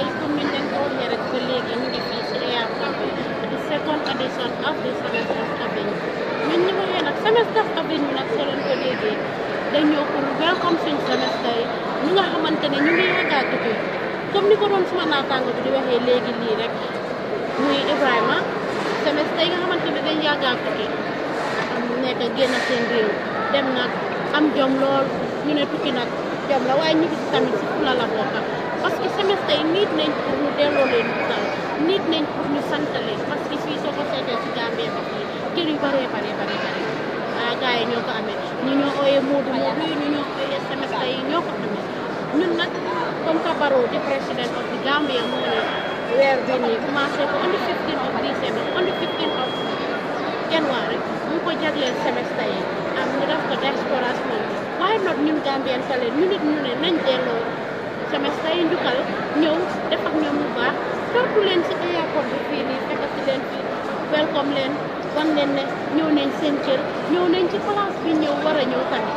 tey comme ni ñu leen ñu ngi fii si AIRTOUR Avenue di second edition of the Semester Avenue ñu waxee nag nag soo leen ko déggee dañoo pour welcome suñ semester yi ñi nga xamante ne tukki comme ni ko doon suma naataango seen réew dem nag am jom lool ñu ne tukki nag jom la waaye ñu ngi tamit si fula la bokk parce que semestre yi nit nañ pour ñu delloo leen njukkal nit nañ pour ñu sant leen parce que fii soo ko seetee si Gambie ba fii kër yu bëree bëree bëri bëri ah gars yi ñoo ko amee ñu ñoo ooyee Moodu Moodu yi ñu ñoo ooyee semestre yi ñoo ko amee ñun nag comme que Barrow di président of the Gambia moo ne weer bi nii commencé ko on the 15 of December on the 15 of January mu ko jagleel semestre yi am ñu def ko diaspora moom why not ñun Gambian talent ñu nit ñu ne nañ delloo. semestre yi njukkal ñëw def ak ñoom lu baax tontu leen si aéroport bi fii nii fekk si leen fii welcome leen wan leen ñëw nañ seen cër ñëw nañ ci place bi ñëw war ñëw tamit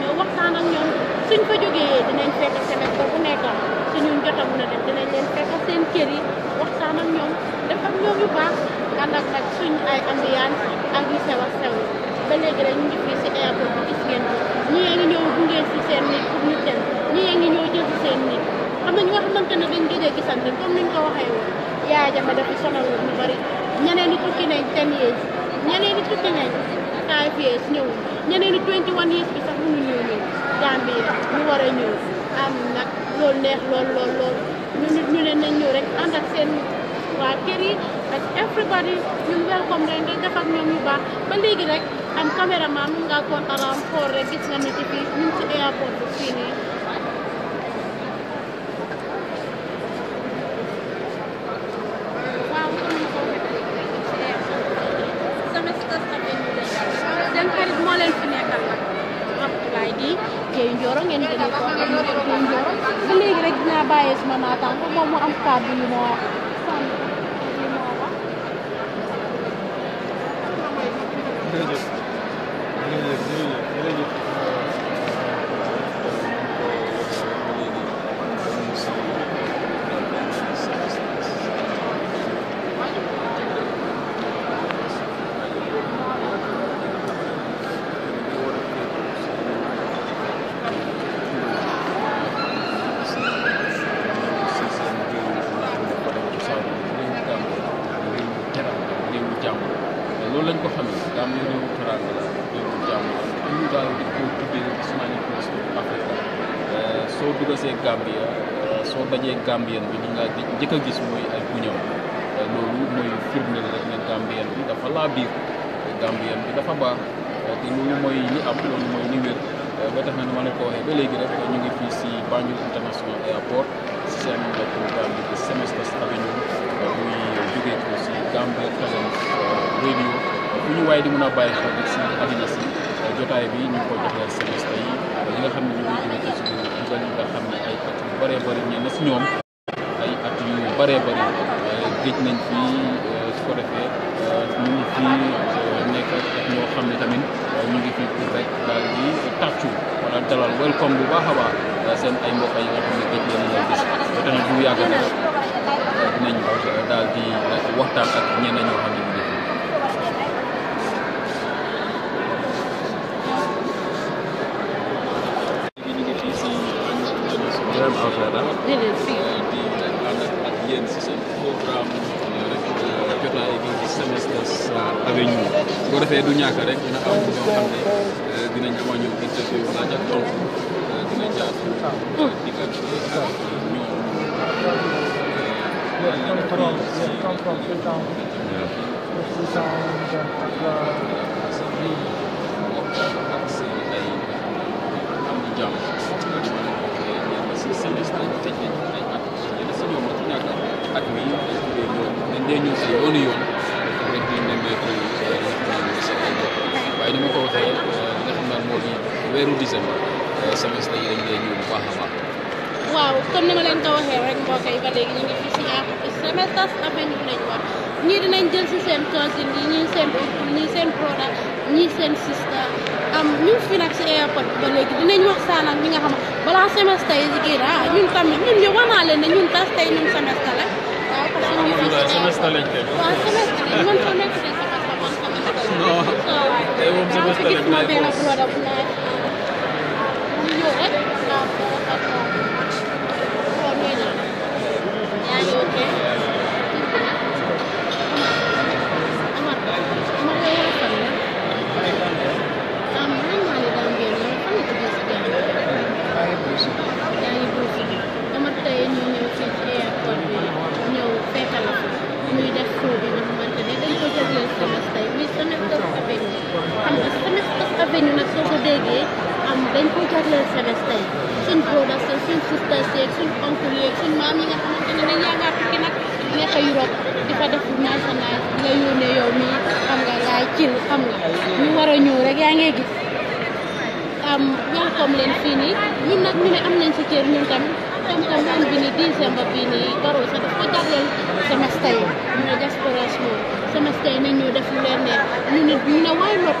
ñëw waxtaan ak ñoom suñ fa jógee dinañ fekk semestre bu nekk suñu jotam na dem dinañ leen fekk seen kër yi waxtaan ak ñoom def ak ñoom yu baax ànd ak suñ ay ambiance ak yu sew ak sew ba léegi rek ñu ngi fii si aéroport bi gis ngeen ñi ngi ñëw gunge si seen nit pour ñii ngi ñëw jël seen nit am na ñoo xamante ne dañ gëj a gisante comme ni ñu ko waxee woon jama dafa sonal woon ñu bëri ñu ñu ñu leen nañ ñëw rek ànd seen waa kër ak everybody ñu welcome leen nga ñoom yu baax ba léegi rek am caméraman mun ngaa kontaan am xool rek gis nga nit yi fii ñun ci airport bi fii nii Едет, едет, едет. gambien bi li nga jëkk a gis mooy ay buñam euh, loolu mooy firndeel la ne gambien bi dafa laa biir gambien bi dafa baax euh, te loolu mooy li am loolu mooy li wér euh, ba tax na nu ma ne ko waxee ba léegi ñu ngi fii si Banjul International Airport si seen programme bi Semester Avenue muy jógee ko si Gambia di mën a bàyyi xel si àddina si bi ñu ko joxee nga xam ne ñu ngi jógee ci suñu ne si ñoom géej nañ fi su ko defee euh, ñu ngi fi euh, nekk ak ñoo xam ne tamit euh, ñu ngi fi pour rek daal di tàccu wala dalal welcome bu baax a baax seen ay mbokk yi nga xam ne géej leen ñoo gis te tamit bu yàgg dinañ daal di waxtaan ak ñenn ñoo xam ne. 种种这种，就是像的那个 waaye ni ma ko waxee li nga xam daal moo di weeru décembre semestre yi dañ lay ñëw bu baax a baax. waaw comme ni ma leen ko waxee rek mbokk yi ba léegi ñu ngi fi si dama tas avenue lañ woon ñii dinañ jël si seen cousin ñii seen oncle ñii seen brother ñii seen sister am ñu fi nag si airport ba léegi dinañ waxtaan ak ñi nga xam balaa semestre yi génn ah ñun tamit ñun ñu wax naa leen ne ñun tas tey ñun semestre la waaw parce que ñun fii ñu nag soo ko déggee am dañ ko jagleel Sénégal tey suñu brothers ak suñu sisters yeeg suñu oncle yeeg suñu maam yi nga xamante ne dañ yaakaar tukki nag nekk Europe di fa def nice a nice nga yónnee yow mii xam nga ngay cil xam nga ñu war a ñëw rek yaa ngay gis am welcome leen fii nii ñun nag ñu ne am nañ si cër ñun tam xam nga moom bi nii décembre bii nii baroo sax daf ko jagleel Sénégal yi ñu ne diaspora moom Sénégal yi nañ ñu def lu leen neex ñu ne ñu ne waay lot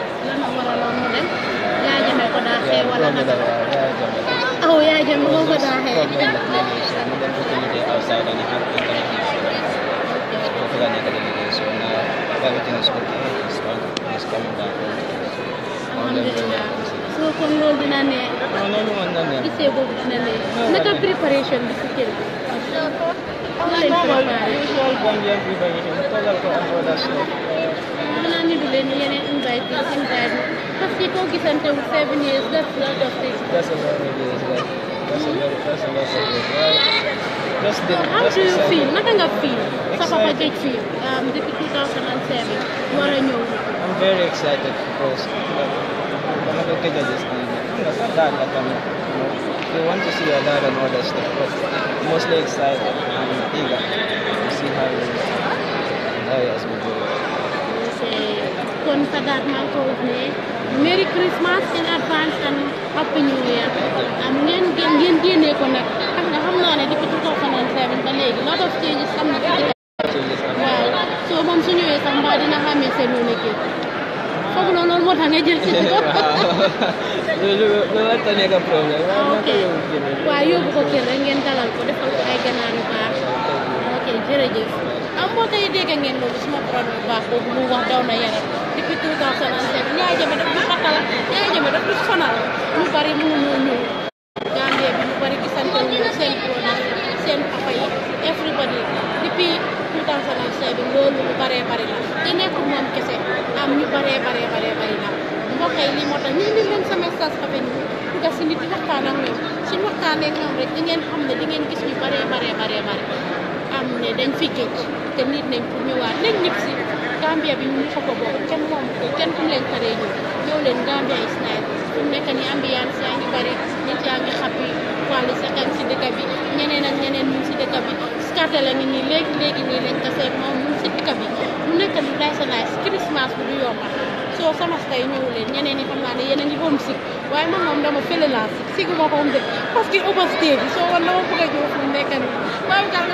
lan a waraloon mu dem Yaya Jammeh ko daa xee wala naka la aw Yaya Jammeh moo ko daa xee so kon loolu dina ne gisee boobu dina ne naka préparation bi si kër gi loolu lañ préparé and Because seven years, that's a lot of things. That's a lot of that's a lot, of right? how do you feel? Nothing I feel. So how I get feel? Um, the 2007, what are you? I'm very excited because I'm at this time. I'm, want to see a dad and all that stuff, but mostly excited and eager to see how, how he has been doing. kon Sadat maa waaw soo moom su ñëwee sax dina xamee seen yoon ak foog na loolu moo tax nga jël ci ko ok waaw yóbbu ko kenn rek ngeen dalal ko defal ay ganaar baax ok jërëjëf ambootay dégg ngeen loolu suma produit bu baax boobu mu wax daw na yeneen depuis 2007 Yaya Jammeh daf ñu bari mu ñu ñu kan Gambie bi ñu bari gisante ñu seen papa yi ya? everybody depuis 2007 loolu lu baree bari la te nekkul moom kese am ñu baree baree baree bari la mbokk yi lii moo ñu indi sa message fa ñu dugg si nit di waxtaan ak ñoom suñ waxtaanee ak ñoom rek di ngeen di ngeen gis ñu am ne dañ fi géej te nit nañ pour ñëwaat nañ ñëpp si Gambia bi ñu fa ko bokk kenn moom ko kenn fu leen paree ñëw ñëw leen Gambia is nice fu mu nekk yaa ngi bëri nit yaa ngi xappi wàllu sakan si dëkk bi ñeneen ak ñeneen ñu si dëkk bi skate la ngi léegi léegi nii lañ tasee moom ñu si dëkk bi mu nekk lu nice Christmas bu du yomba soo sama tay ñëw leen ñeneen ñi xam naa ne yeneen i ba waaye man moom dama fële laa sikk ma ko woon dëkk parce que soo woon dama bëgg a jóg fu mu nekk nii waaye daal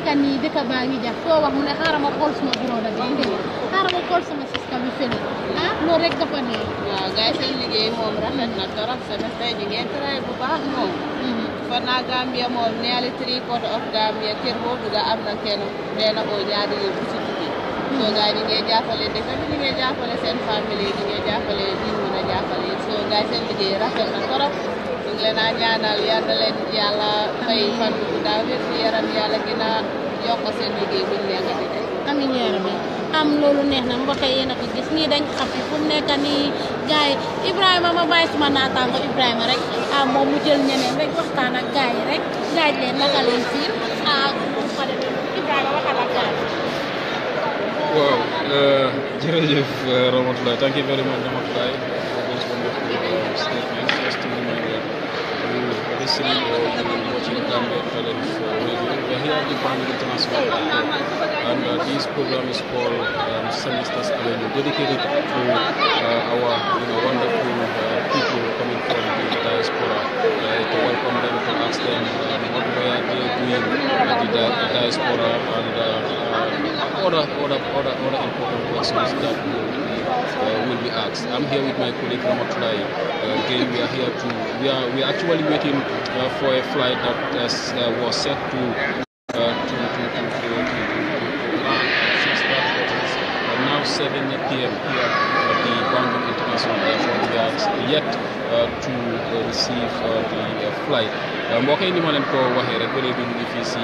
naka nii dëkk baa ngi jax foo wax mu ne xaaral ma xool sama bureau da bi ma xool sama sista bi fële ah loolu ne waaw gars seen liggéey moom rafet na torop semestre ñu ngeen tray bu baax moom mm-hmm. fana naa Gambia moom nearly three quarter of Gambia kër boo dugga am na kenn benn oo ñaari yëpp bu ci dugg so mm-hmm. gars ñu ngee jàppale dëkk bi ñu ngee jàppale seen famille yi so gars seen liggéey rafet na torop ñu ngi leen a leen yàlla daal yaram yàlla gën a yokk seen liggéey buñ nekk di tey amiin ya am loolu neex na mbokk yi ko gis nii dañ xam fu mu gaay Ibrahima ma suma Ibrahima rek ah moom mu jël ñeneen rek waxtaan ak gaay rek gaaj leen naka leen fiir ah bu ko defee Ibrahima waxal ak gaay euh, euh, thank you very much Ramatoulaye السن children parents we are here from the international and uh, this program is called um, semesters avenue dedicated to uh, our you know, wonderful uh, people coming from the diaspora uh, to welcome them to ask them um, what we are doing at uh, the, di the diaspora and uh, uh, other, other, other, other important questions that we uh, will be asked. I'm here with my colleague Ramatulai. Uh, again, we are here to, we are, we are actually waiting uh, for a flight that uh, uh, was set to 7 p.m. here at the Bandung International Airport. We are yet uh, to uh, receive uh, the flight. mbokk um, ni ma leen ko waxee rek ba léegi ñu fii si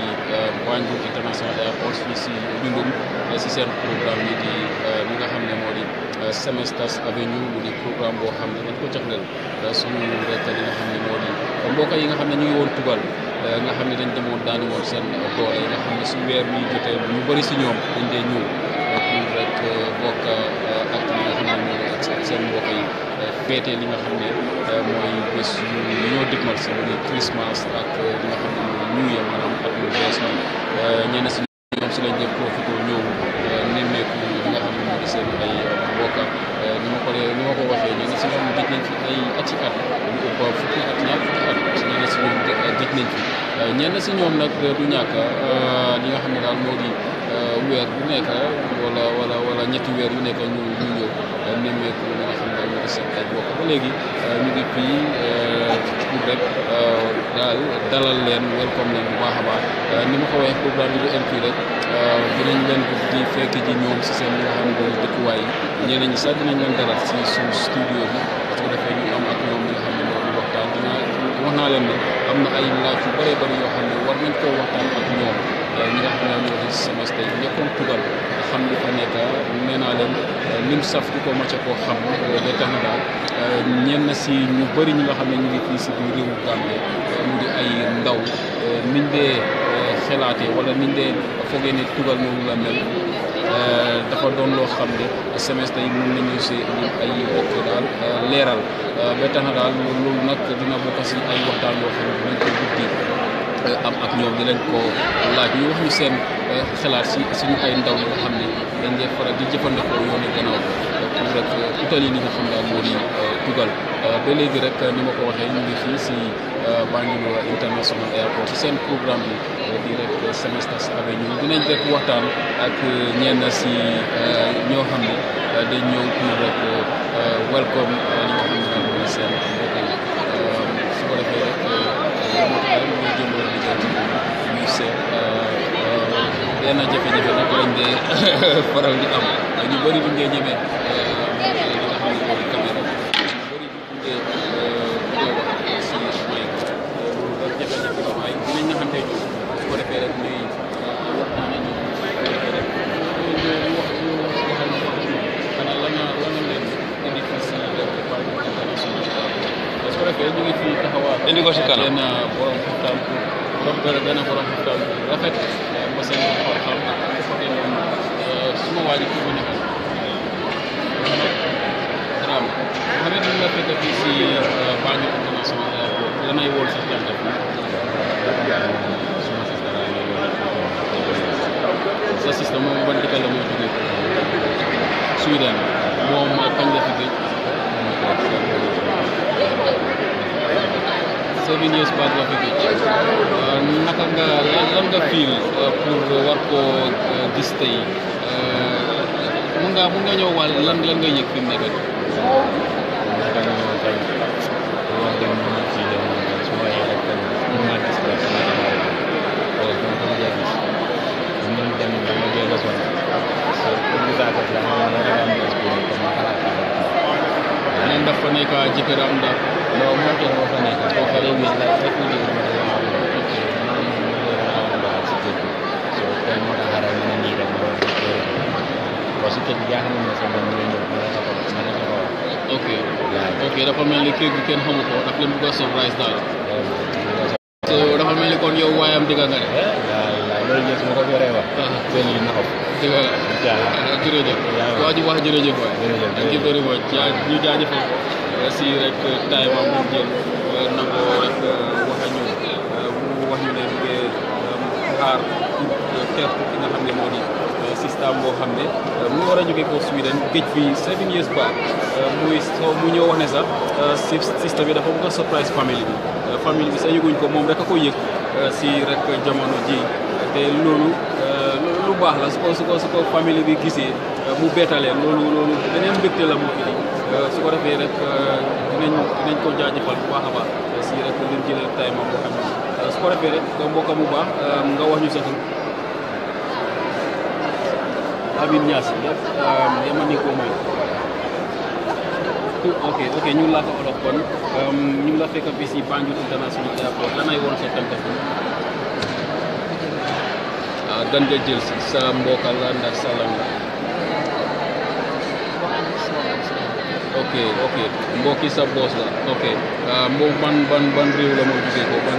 Banjul International Airport fii Bindum si seen programme yi di li nga xam ne moo di Semesters Avenue mu di programme boo xam ne dañ ko jagleel suñu rek li nga xam ne moo di um, mbokk yi nga xam ne ñu ngi woon tugal nga xam ne dañ demoon daani woon seen doole nga xam ne su weer bi jotee ñu bëri si ñoom dañ dee ñëw. bokk ak li nga xam ne mooy bés ñoo dëgmal si muy Christmas ak li nga xam ne mooy New Year si si ma nañ fi ay ati at lu ëpp fukki ñenn si ñoom nag du ñàkk li nga xam ne moo di weer bu nekk wala wala wala ñetti weer yu nekk ñu ñu ñëw euh, nemmeeku li ne na ba léegi euh, ñu ngi fii euh, pour leen welcome leen bu baax a bi du fii rek dinañ leen ko di fekk ji ñoom seen li nga xam ne mooy dëkkuwaay si naa leen am na ay laaj yu bëree bëri yoo xam ne war nañ koo waxtaan ak ñoom. ñi nga xam ne ñoo di semence tey ñëppoon tugal xam li fa nekk nee naa leen lim saf di ko mocca koo xam ba tax na daal ñenn si ñu bëri ñi nga xam ne ñu ngi fii si biir réewu Gambie mu di ay ndaw niñ dee xelaatee wala niñ dee foogee ne tugal noonu la mel dafa doon loo xam ne semestre yi mën nañu si ay bokk daal leeral ba tax na daal loolu nag dina bokk si ay waxtaan yoo xam ne dinañ ko guddi am ak ñoom di leen ko laaj ñu wax ñu seen eh, xalaat si suñu ay ndaw yoo xam ne dañ dee faral di jëfandikoo yoonu gannaaw pour rek utal yi li nga xam daal moo di dugal eh, eh, ba léegi rek ni ma ko waxee ñu ngi fii si Banjul International Airport seen programme bi di rek Semesters Avenue dinañ rek waxtaan ak ñenn si ñoo xam ne dañ ñëw pour rek welcome yenn jafe-jafe nag lañ dee faral di am ak ñu bëri bu ñu dee ñemee li nga xam ne mooy caméra ñu bëri bu ñu dee bëgg wax si mic loolu daal jafe-jafe la waaye dinañ nga xam tey ñoom su ko defee rek ñuy waxtaan ak ñoom su ko defee rek ñu wax ñu waxal ñu wax ñoom xanaa la nga la nga leen indi fii si département international su ko defee ñu ngi fi taxawaat indi ko si kanam benn borom xaftaan borom benn borom xaftaan rafet واجب يكون نعم حبيت لما فيك في سي بعد sa système moom ban dëkkal la moo jógee Suède moom kañ fi gëj seven years back la fi gëj euh, naka nga lan nga fiil euh, pour war koo euh, gis nga mun nga ñëw wàll lan lan nga yëg fi mu nekk Nenda fanika jikira mda. No, mwake mwaka nika. Kwa karibu ya laifek ni jikira mda. ko si kër gi jaaxal na sa doom bi nga ñëw mën na ko ok ok dafa mel ni kër gi kenn xamu ko daf leen bëgg a surprise daal. dafa mel ni kon yow waayam dëgg nga de. loolu yëpp ma ko yoree wax. seen yi naxaw. dëgg la incha allah jërëjëf. waa ji wax jërëjëf waay. jërëjëf ak ki bëri waay jaa ñu jaajëfal si rek taay ma mu jël na ko rek wax ñu wax ñu ne xaar teertu ki nga xam ne moo di. système boo xam ne euh, mu war a jógee ko Sweden géej fi seven years back euh, muy soo mu ñëw wax ne sax euh, système bi dafa bëgg a surprise famille bi famille bi sa yëguñ ko moom rek a ko yëg si rek jamono ji te loolu lu baax la su ko su ko gisee mu bettaleen loolu loolu beneen la mu fi su ko defee rek dinañ dinañ ko jaajëfal bu wax a baax si rek liñ jëlee tay moom boo xam ne su ko defee rek mbokk mu baax nga wax ñu sa oke, oke, oke, Oke, mooy Oke, oke. ñu ke ko pun. kon ñu ke PC. bis yi Banjul International Airport lanay woon sa tënk dan nga jël si Oke, oke. la Oke, sa Oke. la oke. ban ban ban réew la moo ban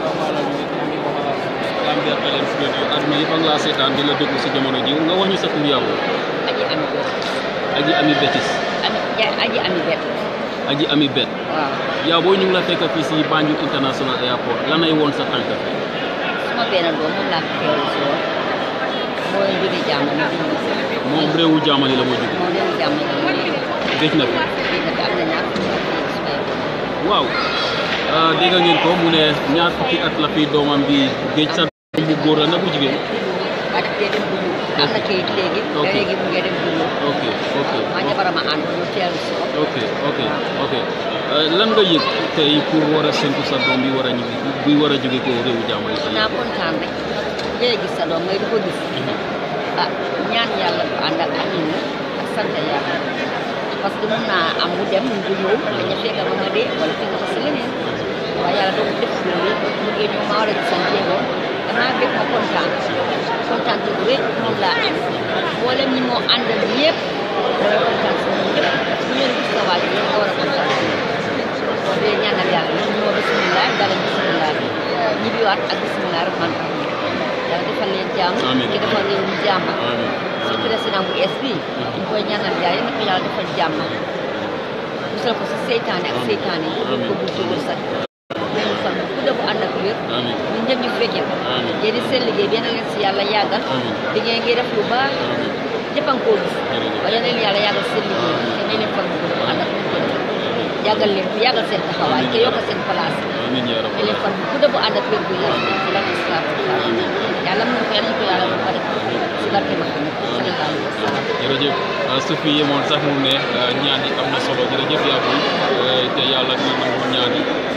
Gambian Talents Radio a ngi laa seetaan di la déglu si jamono ji nga wax ñu sa tur yow. aji ami bet. aji ami betis. aji ami ami bet. waaw yow ñu ngi la fekk fii si Banjul International Airport lan woon sa tànk. sama benn doom moom réewu jaamani la moo jóge. moom réewu waaw. dégg ngeen ko mu ne ñaar fukki at la fi ah, bi géej sa bu góor la na bu jigéen ak dee dem bu ñuul am na kayit léegi léegi mu ngi dem bu ñuul ok ok ma ñabara ma ànd ñu teel a bi war a ñibbi bi war a jóge ko réewu jaamal ci naa kontaan rek léegi sa doom ngay di ko mhm. gis ah ñaan yàlla bu ànd ak amina ak mu génn ma war a gis ak jéego damaa bëgg ma kontaan kontaan te bu wér moom laa am mboolem ñi moo àndal yëpp dama kontaan si moom yëpp bu ñëwee gis sa waaj nga war a kontaan kon de ñaanal yàlla ñoom ñoo bisimilah dara bisimilah ñibbiwaat ak bisimilah rek man yàlla defal leen jàmm ki defal réew mi jàmm si président bu es bi ñu koy ñaanal gars yi ni ko yàlla defal jàmm musal ko si seytaane ak seytaane yi ko bu tuur sax wér ñun ñëpp ñu fekkee ko yéen seen liggéey bi yéen leen si yàlla yàggal di ngeen ngi def lu baax ñëpp a ngi koo gis waaye yéen leen yàlla yàggal seen liggéey te ngeen leen farlu bu ànd eh, ak yàggal leen yàggal seen taxawaay te yokk seen place te leen farlu ku dëbb ànd ak wér bu yàlla ci la yàlla mën ko yàlla ko yàlla mu ko def si barke Muhammad sallallahu alayhi wa sallam jërëjëf su fi yemoon sax mu ne ñaan yi am na solo jërëjëf yaa te yàlla dina nangu ñaan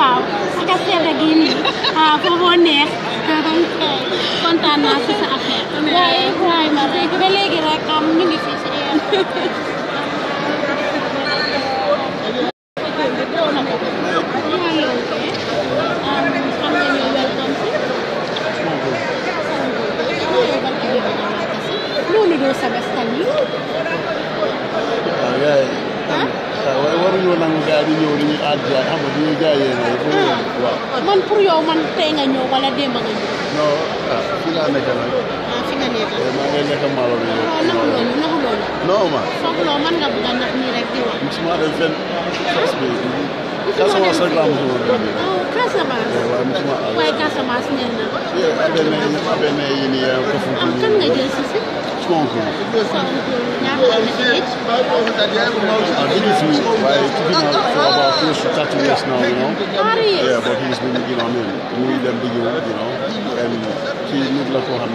waaw ak a seetlu gi nii waaw ah, foofoo neex kontaan naa si sa affaire. waaye waaye ba léegi rek ñu ngi fi si man pour yow man tey nga ñëw wala démb nga ñëw. non ah fii laa nekk nag. ah fi nga nekk. Eh, maa waaw ah, naxu loolu naxu loolu. non ma. loo mën nga bëgg a nax nii rek di wax. musuma dem fenn. Casamance rek laa musuma ah, Casamance. Eh, waaye Casamance nee na. Eh, affaire yi affaire yi nii yaa ngi nga jël si si. sponsor. I about to 30 years now, you know. Yeah, but he's been, you know, I mean, them big, you know. And he I mean, um,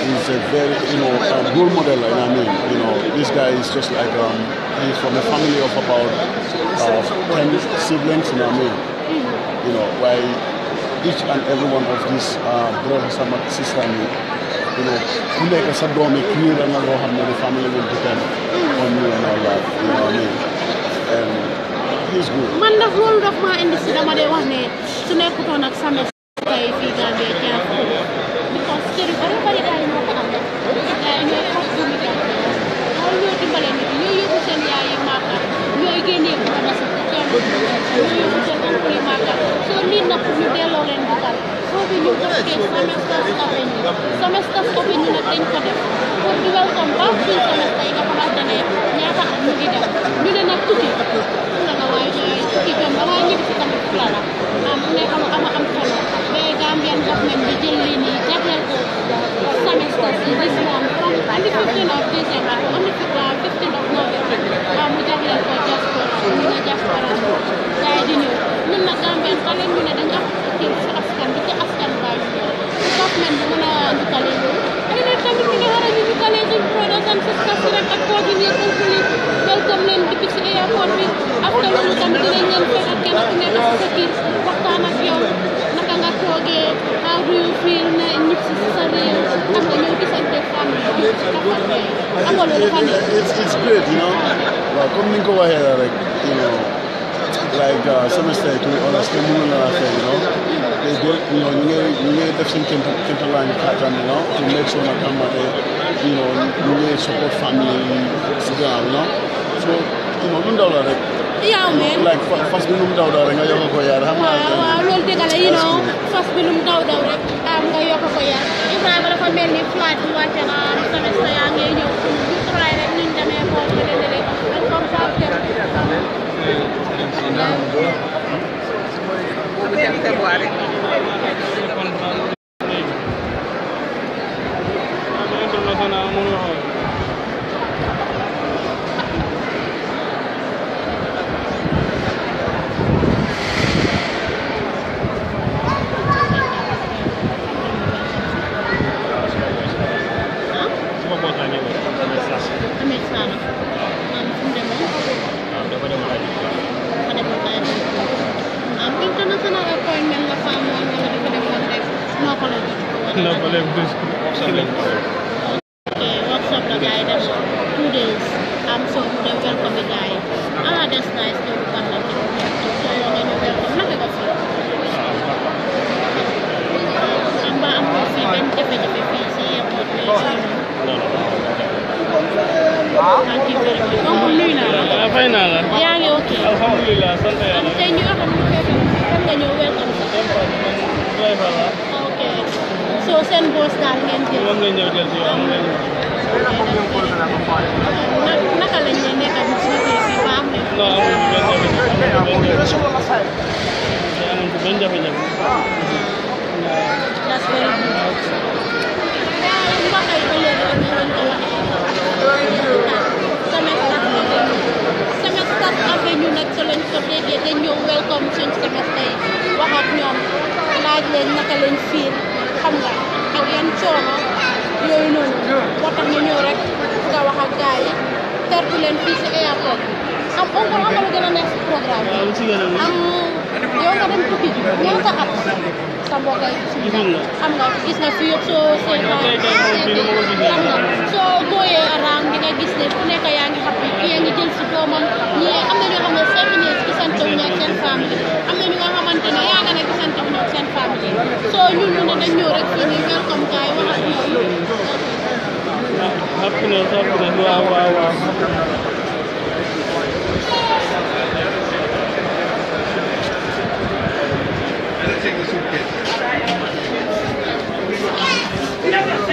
he's a very, you know, a role model, I mean, you know, this guy is just like, um, he's from a family of about uh, 10 siblings, you know what I mean? You know, why each and every one of these uh, brothers and sisters, I ku ne ku nekk sa doom yi kii la nga loo xam ne dafa am leneen di man daf loolu daf maa indi si dama dee wax ne su nekkutoon ak sa tey it's, it's great, you know. Well, coming over here, like, you know, like uh, semester to understand more than I you know. They go, you know, you get, you get different temperament pattern, you know, to make sure that come you know, you get support family, you know. So, you know, don't like, yow man like fas bi lum daw daw rek nga yokk ko yaar xam nga waaw waaw loolu dëgg la you know fas bi lum daw daw rek am nga yokk ko yaar Ibrahima dafa mel ni flight bi wàcce na semestre yaa ngay ñëw ñu try rek ñu demee foofu nga leen dëgg ak comme ça dem février Absolutely. am yow nga dem tukki ji ñëw sa at sa mbokk yi xam nga gis nga fi yëpp soo seetloo xam nga soo booyee araam di nga gis ne fu nekk yaa ngi xam kii yaa ngi si doomam ñi am na ñoo xam ne cinq minutes gisante wu ñoog seen famille am na ñu nga xamante ne yaa nga ne gisante wu ñoog seen famille soo ñun ñu ne dañ ñëw rek fii nii welcome gaay wax ak ñoom happiness happiness waaw waaw waaw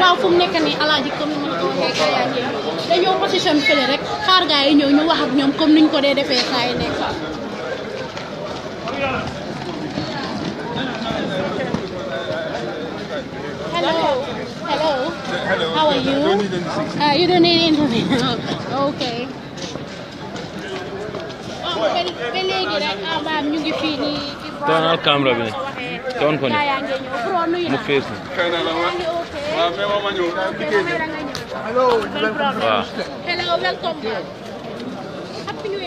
waaw fu mu nekk nii alaaji comme ni ko waxee gaa yaa ngi dañoo position fële rek xaar gaa yi Hello. Hello. How are you? Uh, you don't need anything. okay. Ah, ah, Donald camera Mu face. Hello, Hello, welcome. Happy New Year. Hello. How do you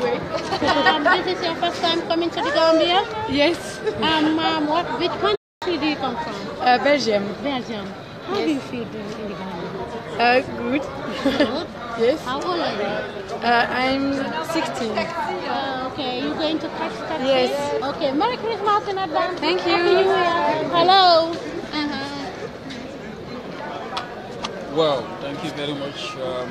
feel? um, this is your first time coming to the Gambia? Yes. Um, um, what, which country do you come from? Uh, Belgium. Belgium. How yes. do you feel doing in the Gambia? Uh, good. good? yes. How old are you? Uh, I'm 16. Uh, okay, you're going to catch taxi? Yes. Okay, Merry Christmas in advance. Thank you. Happy New Year. Hello. Uh-huh. Wow, thank you very much. Um,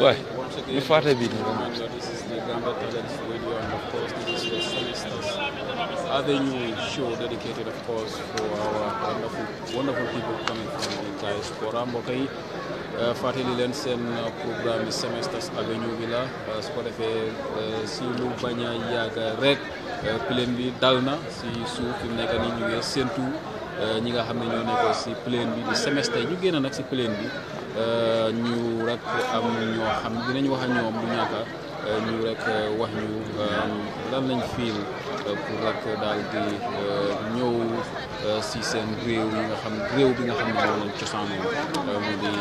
like, once again, you fought a bit. This is the Gamba Talents Radio, and of course, this is your the other new show dedicated, of course, for our wonderful, wonderful people coming from the diaspora. Euh, fàttali leen seen euh, programme Semester Avenue bi la euh, su ko defee si lu bañ a yàgg rek plane bi dal na si suuf fi mu nekk ñu ngi séentu ñi nga xam ne ñoo nekk si plane bi di semester ñu génn nag si plane bi ñu rek am ñoo xam dinañ wax ak ñoom du ñàkk ñu rek wax ñu lan lañ fiil Euh, pour rek dal di euh, ñëw euh, si seen réew yi nga xam réew bi nga xam ne moom lañ cosaanoo mu di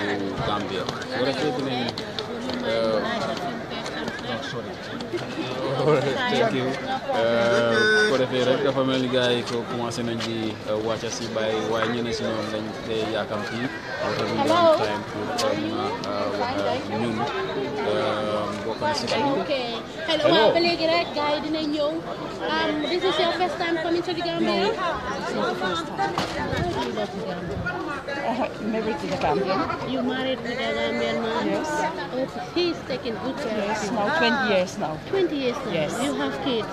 réewu Gambia bu rafet dinañ tekki bu defee rek dafa mel ni gars yi ko commencé nañ di wàcca si bàyyi waaye ñeneen si ñoom dañ te yaakam ci wata ñu ñun bokk na si hello hello. ba léegi rek gars yi dinañ ñëw this is your first time coming to the Gambia. first Uh, married to the Gambian. You married with a Gambian man? Yes. Okay. Oh, he is taking good care of you. now 20 years now. 20 years now? Yes. You have kids?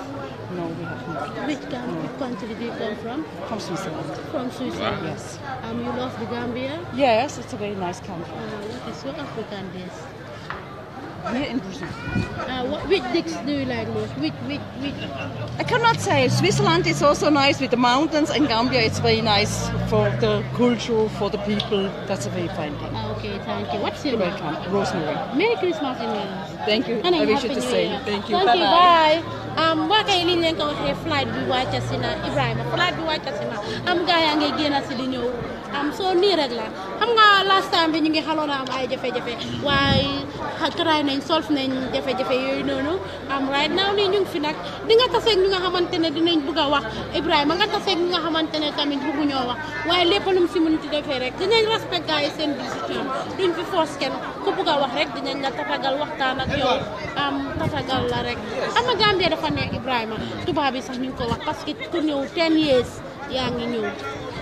No, we have not. Which no. country do you come from? From Switzerland. From Switzerland? Yes. Um, you love the Gambia? Yes, it's a very nice country. Uh, what is your African dish? Very interesting. Uh, what, which dish do you like most? Which, which, which? I cannot say. Switzerland is also nice with the mountains, and Gambia is very nice for the culture, for the people. That's a very fine thing. Ah, okay, thank you. What's your name? Welcome, Rosemary. Merry Christmas in Thank you. And I wish you the same. Thank you. Thank bye you. Bye. Um, waa kay li ñu leen flight bi wàcc si na Ibrahima flight bi wàcc si na am gaa yaa ngi génn si di ñëw. am soo nii rek la xam nga last time bi ñu ngi xaloon a am ay jafe-jafe waaye try nañ solve nañ jafe-jafe yooyu noonu am right now nii ñu ngi fi nag di nga taseeg ñu nga xamante ne dinañ bëgg a wax Ibrahima nga taseeg ñu nga xamante ne tamit bëgguñoo wax waaye lépp lu mu si mënti defee rek dinañ respect gars yi seen décision duñ fi force kenn ku bëgg a wax rek dinañ la tatagal waxtaan ak yow am tatagal la rek ama Gambie dafa neex Ibrahima tubaab yi sax ñu ko parce que ku ñëw ten yaa ngi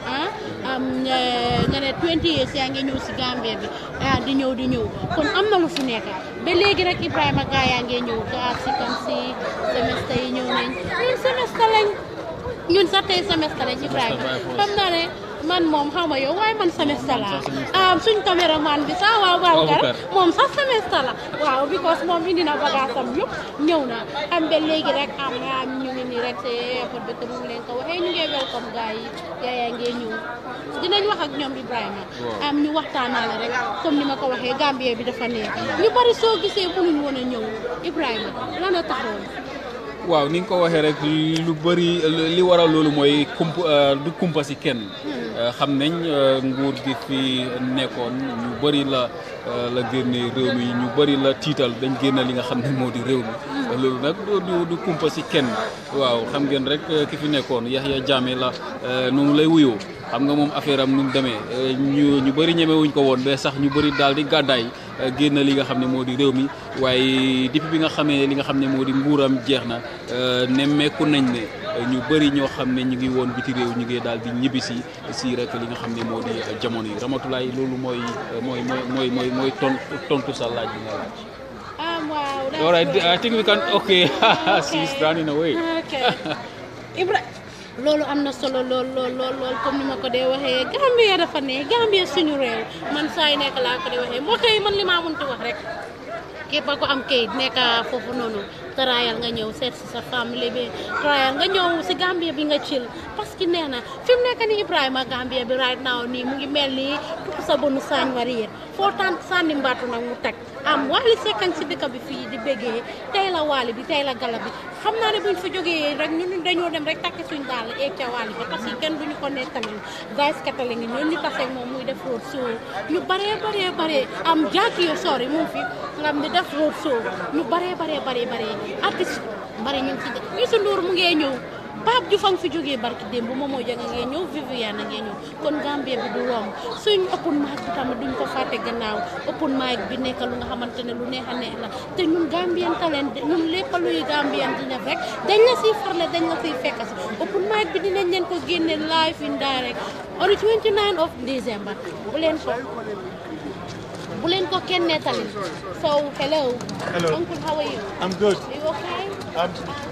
Ah, am eh, nga ne 20 years yaa ngi ñëw si Gambia bi ah, di ñëw di ñëw kon am na lu fi nekk ba léegi rek Ibrahima gaa yaa ngi ñëw gaa si kam si semestre yi ñëw nañ ñun semestre lañ ñun sax tey semestre lañ Ibrahima xam naa ne. man moom xaw ma yow waaye man semestre la am ah, suñ caméraman bi sax waaw Babacar moom sax semestre la waaw because moom indi na bagaasam yëpp ñëw na am ba léegi rek am ñu ngi nii rek te airport bi te mu ngi leen ko waxee ñu welcome gars yi yaayaa ngee ñëw dinañ wax ak ñoom Ibrahima am ñu waxtaanaale rek comme ni ma ko waxee Gambie bi dafa neex ñu bari soo gisee mënuñ woon a ñëw Ibrahima lan a taxoon waaw ni nga ko waxee rek lu bëri li waral loolu mooy kump euh, du kumpa si kenn. Hmm. Euh, xam nañ euh, nguur gi fi nekkoon ñu bëri la la génne réew mi ñu bari la tiital dañ génne li nga xam ne moo di réew mi. Hmm. loolu nag du du kumpa si kenn. waaw xam ngeen rek ki fi nekkoon Yahya Jammeh la noonu lay wuyoo xam nga moom affaire am nu demee ñu ñu bëri ñemewuñ ko woon ba sax ñu bëri daal di gàddaay. Euh, génn li nga xam ne moo di réew mi waaye depuis bi nga xamee li nga xam ne moo di nguuram jeex na euh, nemmeeku nañ ne euh, ñu bari ñoo xam ne ñu ngi woon biti réew ñu ngi daal di ñibbisi si rek li nga xam ne moo di jamono yi Ramatoulaye loolu mooy mooy mooy mooy mooy tontu sa laaj bi nga laaj. Ah, All right, I think we can okay. She's running loolu am na solo lool lool lool lool comme ni ma ko dee waxee Gambie dafa ne Gambie suñu réew man saa yu nekk laa ko dee waxee mbokk yi man li maa wax rek képp a ko am kayit nekk foofu noonu trial nga ñëw seet si sa famille si Gambie bi nga chill parce que nee na fi nekk ni Ibrahima Gambie bi right now nii mu ngi mel nii tukki sa bonu saañ wari foo tànn sànni mbaatu nag mu teg am Wally Seck si dëkk bi fii di béggee tey la Wally bi tey la gala bi xam naa ne buñ fa jógee rek ñun dañoo dem rek takk suñ daal eeg ca Wally bi parce que kenn duñu ko nettali Gaye Skatale ngi ñoon ñu taseeg moom def road show ñu baree baree baree am jaaki yo sori ngam di def road show ñu baree baree baree baree artiste bari ñu ngi si Youssou mu ngee ñëw Pape Diouf a ngi fi jógee barki démb Momo Dieng a ngee ñëw Viviane a ngee ñëw kon Gambie bi du romb suñu open mic bi tamit duñ ko fàtte gannaaw open mic bi nekk lu nga xamante ne lu neex a neex la te ñun Gambian Talents ñun lépp luy Gambian di def rek dañ la siy farle dañ la siy fekk si open mic bi dinañ leen ko génne live in direct on of December bu leen ko bu leen ko kenn nettali so hello. hello uncle how are good. Are okay?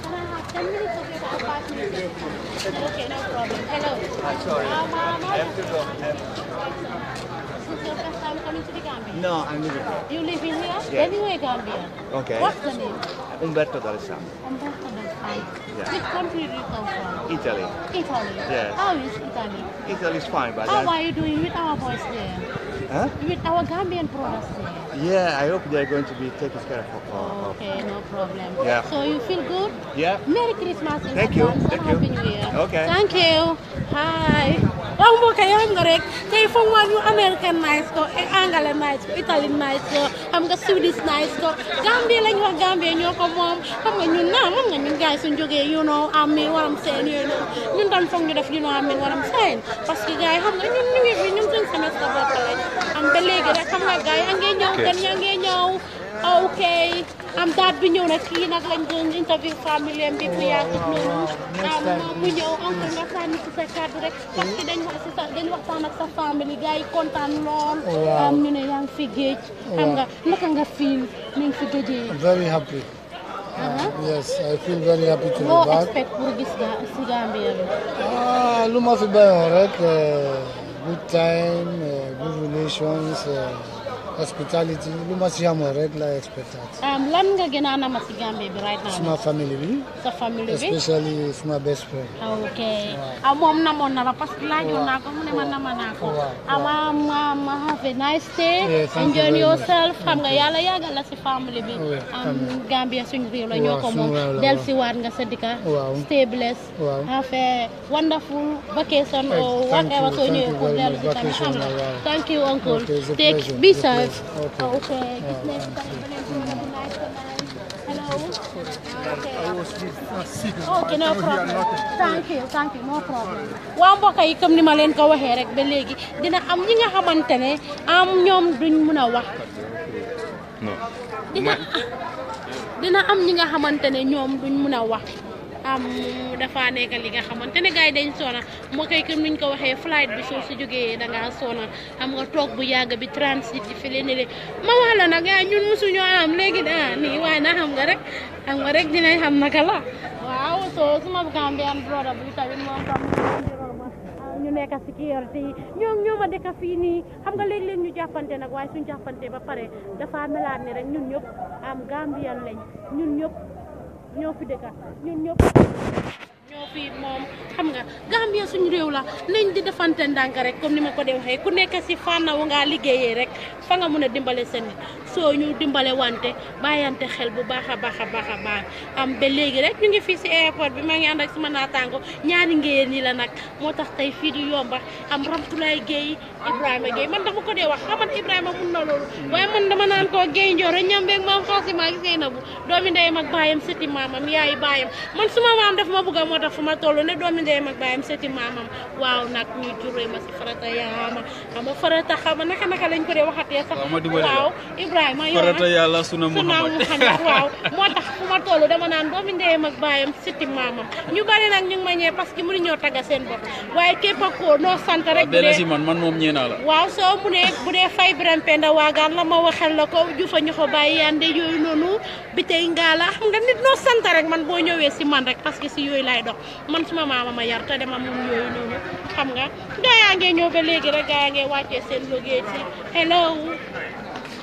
10 minutes, okay, so 5 minutes. Okay, no problem. Hello. I'm sorry. Um, um, I have to go. This is your first time coming to the Gambia? No, I'm living here. You live in here? Yes. Anyway, Gambia. Okay. What's the name? Umberto D'Alessandro. Umberto D'Alessandro. Yeah. Which country do you come from? Italy. Italy? Yes. How is Italy? Italy is fine, but... How I'm... are you doing with our boys there? Huh? With our Gambian brothers there? Yeah, I hope they're going to be taken care of. Uh, okay, no problem. Yeah. So you feel good? Yeah. Merry Christmas. Thank you. Thank you. Okay. Thank you. Hi yow mbokk yaa nga rek tey foog waa ñu American nice ko eh, Angale nice ko Italian nice ko xam nga Swedish nice ko Gambie lañ wax Gambie ñoo ko moom xam nga ñun naa xam nga ñun gars yi suñ jógee you know am mi waram seen yooyu noonu ñun dañ foog ñu def you know am mi waram seen parce que gars yi xam nga ñun ñu ngi fi ñun suñ semestre bopp lañ am ba léegi rek xam nga gars yi a ngee ñëw ok am daat bi ñëw na kii nag lañ doon interview famille bi bu yàggit noonu am bu ñëw oncle nga sànni si sa kàddu rek parce que dañ wax si sa dañ waxtaan ak sa famille gars yi kontaan lool am ñu ne yaa ngi fi géej xam nga naka nga fiil ni nga fi géejee very happy uh-huh. uh, yes I feel very happy to be back expect pour gis ga si Gambia bi ah lu ma fi bayoon rek uh, good time uh, good relations hospitality luma must rek la expectat um, lan nga gën a anam si Gambie right now suma family bi sa family bi especially suma best friend okay ah moom namoon na la parce que laajoon naa ko mu ne ma nama naa ko ma have a nice day enjoy yourself I'm nga yàlla yàggal la si family i am Gambie suñu réew la ñoo ko moom del si waat nga sa dika stay blessed have a wonderful vacation or whatever soo ñëwee thank you uncle take be safe live. Okay. Oh, okay. waa mbokk yi comme ni ma leen ko waxee rek ba léegi dina am ñi nga xamante ne am ñoom duñ mun a wax. dina am ñi nga xamante ne ñoom duñ mun a wax. am dafa nekk li nga xamante ne gars yi dañ soona moo koy comme niñ ko waxee flight bi soo si jógee da soona xam nga toog bu yàgg bi transit yi fi leen ne ma wax la nag yaa ñun mosuñu am léegi ah nii waaye na xam nga rek xam nga rek dinañ xam naka la waaw soo suma Gambian brother bi tamit moom tam ah, ñu nekk sécurité ñoom nii xam nga léeg-léeg ñu jàppante nag waaye suñ jàppante ba pare dafa melaat ne rek ñun ñëpp am Gambian lañ ñun ñëpp ñoo fi dëkk moom xam nga Gambia suñu réew la nañ di defante ndànk rek comme ni ma ko dee waxee ku nekk si fànnawu ngaa liggéeyee rek fa nga mun a dimbale seen soo ñu dimbale wante bàyyante xel bu baax a baax a baax am ba léegi rek ñu ngi fii si airport bi maa ngi ànd ak sama naataango ñaari ngéyeen yi la nag moo tax tey fii di yomba am Ramtoulaye Gaye a Gueye man dama ko dee wax xaman Ibrahima mun na loolu waaye man dama naan koo Gueye Ndioro a maam xaasimaa na bu doomi ndeyam ak baayam sëti maamam yaayi baayam man suma ma bëgg a moo fu ma toll ne doomi ndeyam ak baayam sëti maamam waaw nag ñu juree ma si farata yaama xam na farata lañ ko dee waxatee sax waaw Ibrahima yow farata yàlla suna Muhammad waaw moo tax fu ma dama naan doomi ndeyam ak baayam sëti maamam ñu bari nag ñu ngi ma ñee parce que mënu ñoo tagga seen bopp waaye képp a koo noo sant rek nuyu waaw soo mu ne bu dee fay Birame Penda waagaan la ma waxal la ko jufa ñu ko bàyyi yande yooyu noonu bi tey ngaa la xam nga nit noo sant rek man boo ñëwee si man rek parce que si yooyu laay dox man suma maama a yar te dama mun yooyu noonu xam nga gaa yaa ngee ñëw léegi rek gaa yaa ngee seen logee ci hello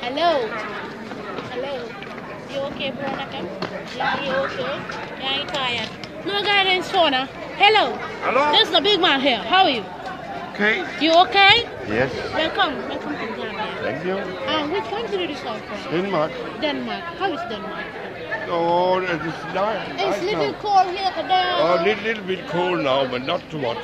hello hello yow boo nakam yaa ngi ok yaa gaa leen soona hello hello this big man here okay? You okay? Yes. Welcome. Welcome to Ghana. Thank you. Uh, which country do you come from? Denmark. Denmark. How is Denmark? Oh, it is nice. It's nice little now. cold here today. Uh, oh, a little, little, bit cold now, but not too much.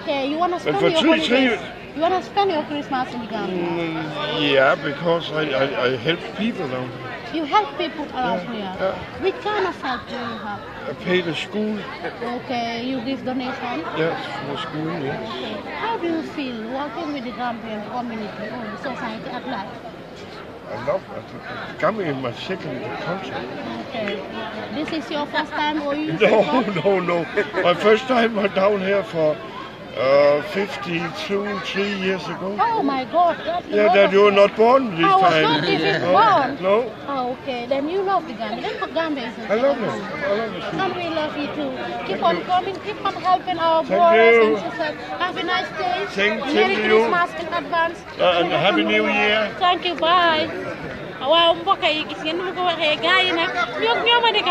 Okay, you want to spend your three, holidays? Three, you want to spend your Christmas in Ghana? Mm, yeah, because I, I, I help people now. You help people around yeah. here. Yeah. Which kind of help do you have? I pay the school. Okay, you give donation? Yes, for school, yes. Okay. How do you feel working with the Gambian community or the society at large? I love it. Coming in my second country. Okay. This is your first time or you? no, no, no. My first time I'm down here for uh, 52, three years ago. Oh my God! That yeah, that you were not born this I time. I was not even born. No. Oh, okay. Then you love the Gambia. Then Gambia is. I love it. I love it. And we love you too. Keep Thank on you. coming. Keep on helping our Thank brothers you. and sisters. Have a nice day. Thank, Merry thank Christmas in advance. Uh, and happy New Year. Thank you. Bye. waaw mbokk yi gis ngeen ni ma ko waxee gars yi nag ñoo ñoo ma ne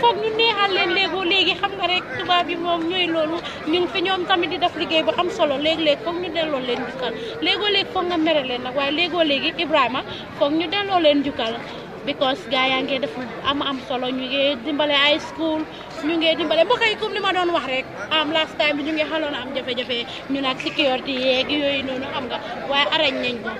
foog ñu neexal leen léegoo léegi xam nga rekk tubaab yi moom ñuy loolu ñu fi ñoom tamit di def liggéey bu am solo léeg-léeg foog ñu delloo leen njukkal léegoo léegi foog nga mere leen nag waaye léegoo léegi Ibrahima foog ñu delloo leen njukkal because gaa yaa ngi def am am solo ñu ngi dimbale ay school ñu ngee dimbale mbokk yi comme li ma doon wax rek am last time bi ñu ngi xaloon am jafe-jafe yooyu noonu xam nga waaye arañ nañ ko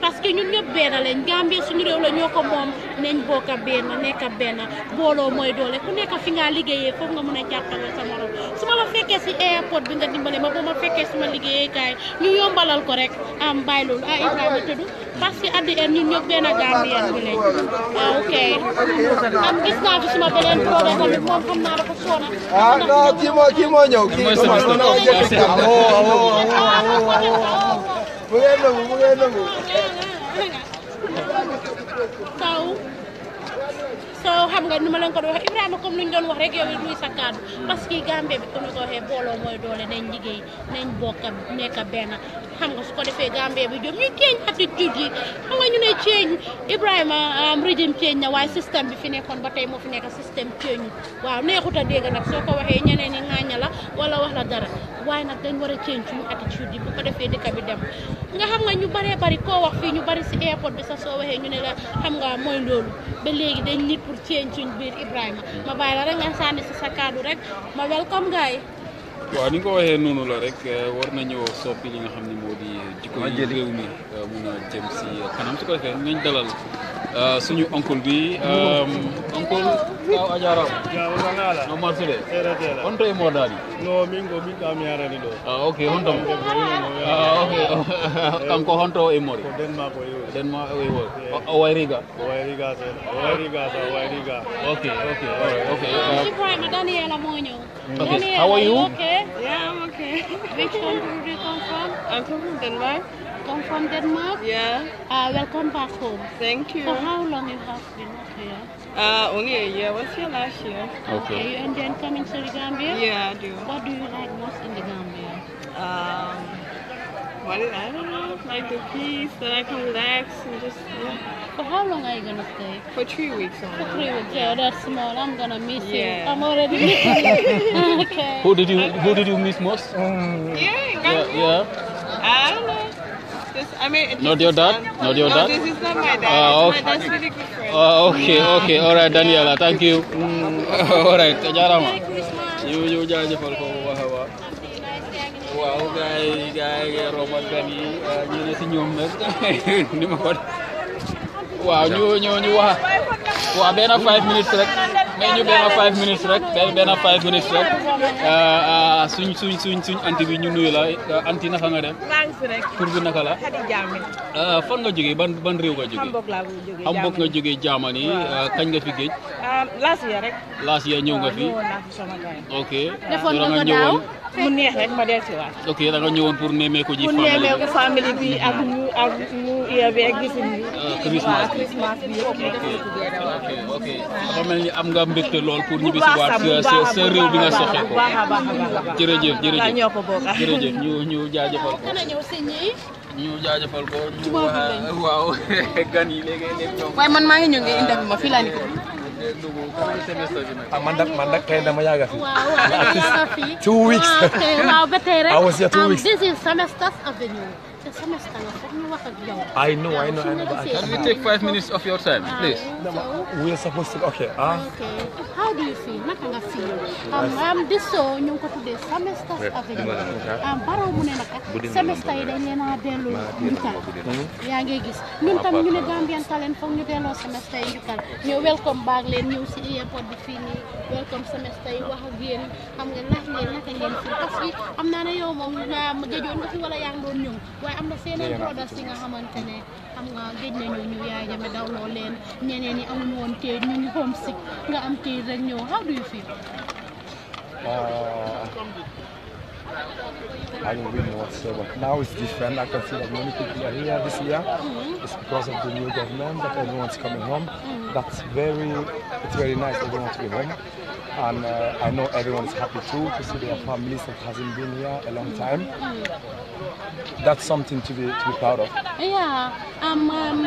parce que ñun ñëpp benn lañ Gambie suñu réew la ñoo ko moom nañ bokk a benn a benn booloo mooy doole ku a jàppale sa ma la fekkee si airport bi nga dimbale ma bu ma fekkee suma liggéeyee kaay ñu yombalal ko rek am bàyyi loolu ah, que addi eh, bi lañ ah, ok am gis naa fi suma beneen problème moom xam naa Ah, no, kimo, kimoño, kimo, no, no, ya te está. Oh, oh, oh, oh. Muy bien, muy bien. Chao. so xam nga ni ma leen ko doon waxee Ibrahima comme luñ doon wax rek yow luy sa kàddu parce que Gambie bi comme ni ko waxee booloo xam nga su ko defee Gambie bi jom ñu change attitude yi xam nga ñu ne change Ibrahima na waaye système bi fi nekkoon ba tey moo fi nekk système change waaw neexut a dégg nag soo ko waxee ñeneen ñi ŋaaña la wala wax la dara waaye nag dañ war a change suñu attitude yi bu ko defee dëkk bi dem nga xam nga ñu bëree bëri koo wax fii ñu bari si airport bi sax soo waxee ñu ne la xam nga mooy loolu ba léegi dañ nit pour change suñ biir Ibrahima ma bàyyi la rek nga sànni si sa kàddu rek ma welcome gars yi. ni nga ko waxee noonu la rek eh, war nañoo soppi li nga xam ni moo di. jikko yi réew mi eh, mun a jëm si kanam su ko defee nañ dalal. Eh, suñu oncle bi oncle kaw wala jarama la no on tay mo moɗaɗi no min ko min kam do ah ok honto ah, ok ko honto e mori ma ko yo ma e wo o riga o wayriga sen o wayriga sa riga ok ok ok ibrahima daniela moño okay how are you okay yeah i'm okay which country do you come from i'm from denmark come from Denmark. Yeah. Uh, welcome back home. Thank you. For how long you have been here? Uh, only a year. What's your last year? Okay. okay. And then coming to the Gambia? Yeah, I do. What do you like most in the Gambia? Um, what is, I don't know. Like the peace that I can relax and just. Yeah. For how long are you gonna stay? For three weeks only. For three weeks, yeah, that's small. I'm gonna miss yeah. you. I'm already missing you. okay. Who did you Who did you miss most? yeah, yeah, yeah. I don't know. This, I mean, not your dad? One. Not your no, dad? This is not my dad. Uh, okay. My dad's really good friend. Uh, okay, okay. All right, Daniela. Thank you. Mm, all right. Jarama. You you jaje fal ko wa Wow, guys, guys, gaay romba gan yi ñu ne ci ñoom nak waaw ñu ñu ñu wax waaw benn five minutes rek mais ñu benn five minutes rek benn five minutes rek euh, euh, suñ suñ suñ suñ anti bi ñu nuyu la euh, anti naka nga dem tur bi naka la fan nga jógee ban ban réew nga jógee Hamburg nga jógee Germany kañ nga fi géej um, last rek last year nga fi ok defoon nga ñëwoon mu neex rek ma del ci waat ok da nga ñëwoon pour nemmeeku ji famille pour nemmeeku famille bi ak ñu ak Christmas Christmas bi yëpp am nga mbégte lool pour ñibbi si waat sa sa réew bi nga soxee ko. a baax a baax jërëjëf jërëjëf jaajëfal ko. waaw yi léegi waaye man maa ngi ñëw nga indi ma fii laa nekk. ah man nag man nag kay dama yàgg a fi. two weeks. Ah, waaw ba tey rek. ya two um, weeks. this is Semester Avenue. I know, I know, I know. Can we take five minutes of your time, ah, please? No, we are supposed to, okay. Ah. Okay. How do you feel? Not gonna feel. Um, um, this so you go to the um, semester available. Um, baro mune naka semester ida ni na delo duka. Ya ngegis. Nun tam ñu ne Gambian talent fo ñu delo semester yi duka. Ñu welcome back leen ñu ci airport bi fini. Welcome semester yi wax ak yeen. Xam nga nak na, naka ngeen fi parce que am na na yow mom nga um, gëjoon nga fi wala yaa ngi doon ñëw am na yi nga xam nga nañu ñu yaay leen ñeneen amul ñu nga am rek how do you feel uh, I don't really know but Now it's different. I can see that many people are here this year. Mm -hmm. It's because of the new government that everyone's coming home. Mm -hmm. That's very, it's very nice everyone to be home and uh, I know everyone is happy too to see their families that hasn't been here a long time. That's something to be to be proud of. Yeah, um, um,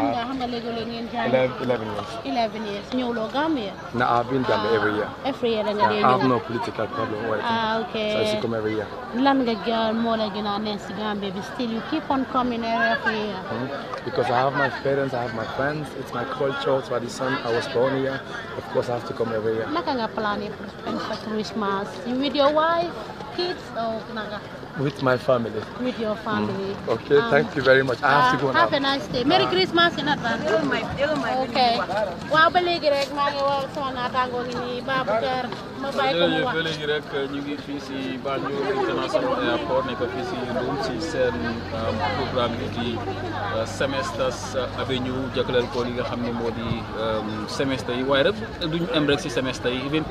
eleven years. eleven years ñëw loo Gambia. No, I've been Gambia every year. Ah, every year nga I have no political problem. ah ok so I come every year. lan girl, more like la gën a neex Gambia bi still you keep on coming every year. Hmm? because I have my parents I have my friends it's my culture tradition I was born here of course I have to come every year. naka nga plané for Christmas you with your wife kids or naka. With my family. With your family. Mm. Okay, um, thank you very much. I have to go uh, now. Have a nice day. Merry uh. Christmas in advance. Okay. waaw ba léegi rek I'm going to naataangoo ngi nii Airport I'm si Loum si seen programme am even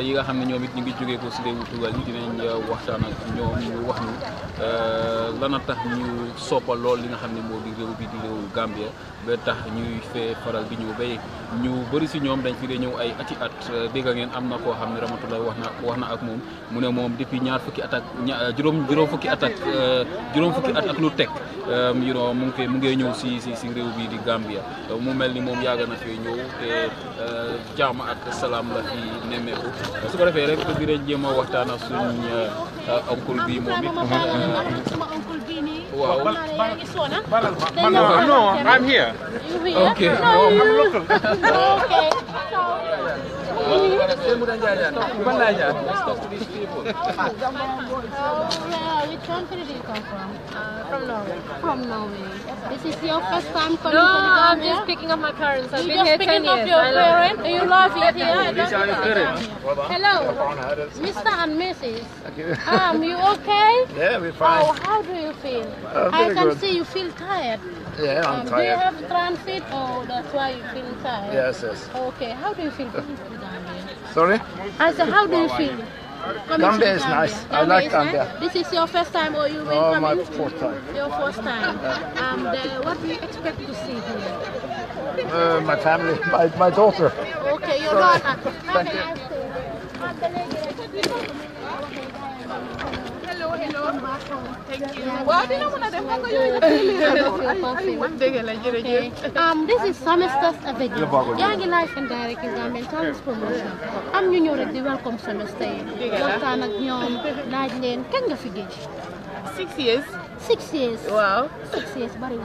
yi nga xam ne ñoom it ñu ngi jógee ko si réewu tugal yi dinañ euh, waxtaan ak ñoom ñu wax ñu euh, lan a tax ñu soppal lool li nga xam ne moo di réew bi di réewu Gambia ba tax ñuy fé faral bi ñu bay ñu bari ci ñom dañ fi dee ñëw ay ati at euh, dégg ngeen amna ko xamni xam ne ramatullah wax na ak mom mu né mom depuis ñaar fukki at ak euh, juroom juróom fukki at ak euh, juróom fukki at ak lu teg you know mu ngi mu ngi ñëw ci ci ci réew bi di Gambia mu melni mom moom na fi ñëw te jamm ak salam la fi némé ko su ko défé rek ko rek jéem a waxtaan ak suñ oncle bi moom it sama onkul bi ni Wow. no, I'm here. You here? Okay. No, oh, you. are local. okay. So, then Mudan Jajan. Balaja. So, you come from? Uh, from Norway. From Norway. This is your first time coming no, I'm just picking up my parents. I've You're been here 10 years. your parents? you love it here? Hello, Mr. and Mrs. Um, you okay? Yeah, we're fine. Oh, how do you feel? Uh, I can good. see you feel tired. Yeah, I'm um, tired. Do you have transit or oh, that's why you feel tired? Yes, yes. Okay, how do you feel? Sorry? I uh, said, how do you feel? Gambia is nice. Gambia I like Gambia. Nice. This is your first time or you were oh, coming? my fourth time. Your first time. Yeah. And uh, what do you expect to see here? Uh, my family, my, my daughter. Okay, your Sorry. daughter. Thank you. Um, this is Semesters event. yaa life and direct Gambian Talents Promotion am ñëw rek the welcome semester yi waxtaan ak ñoom laaj leen kañ six years. six years. Wow. six years Very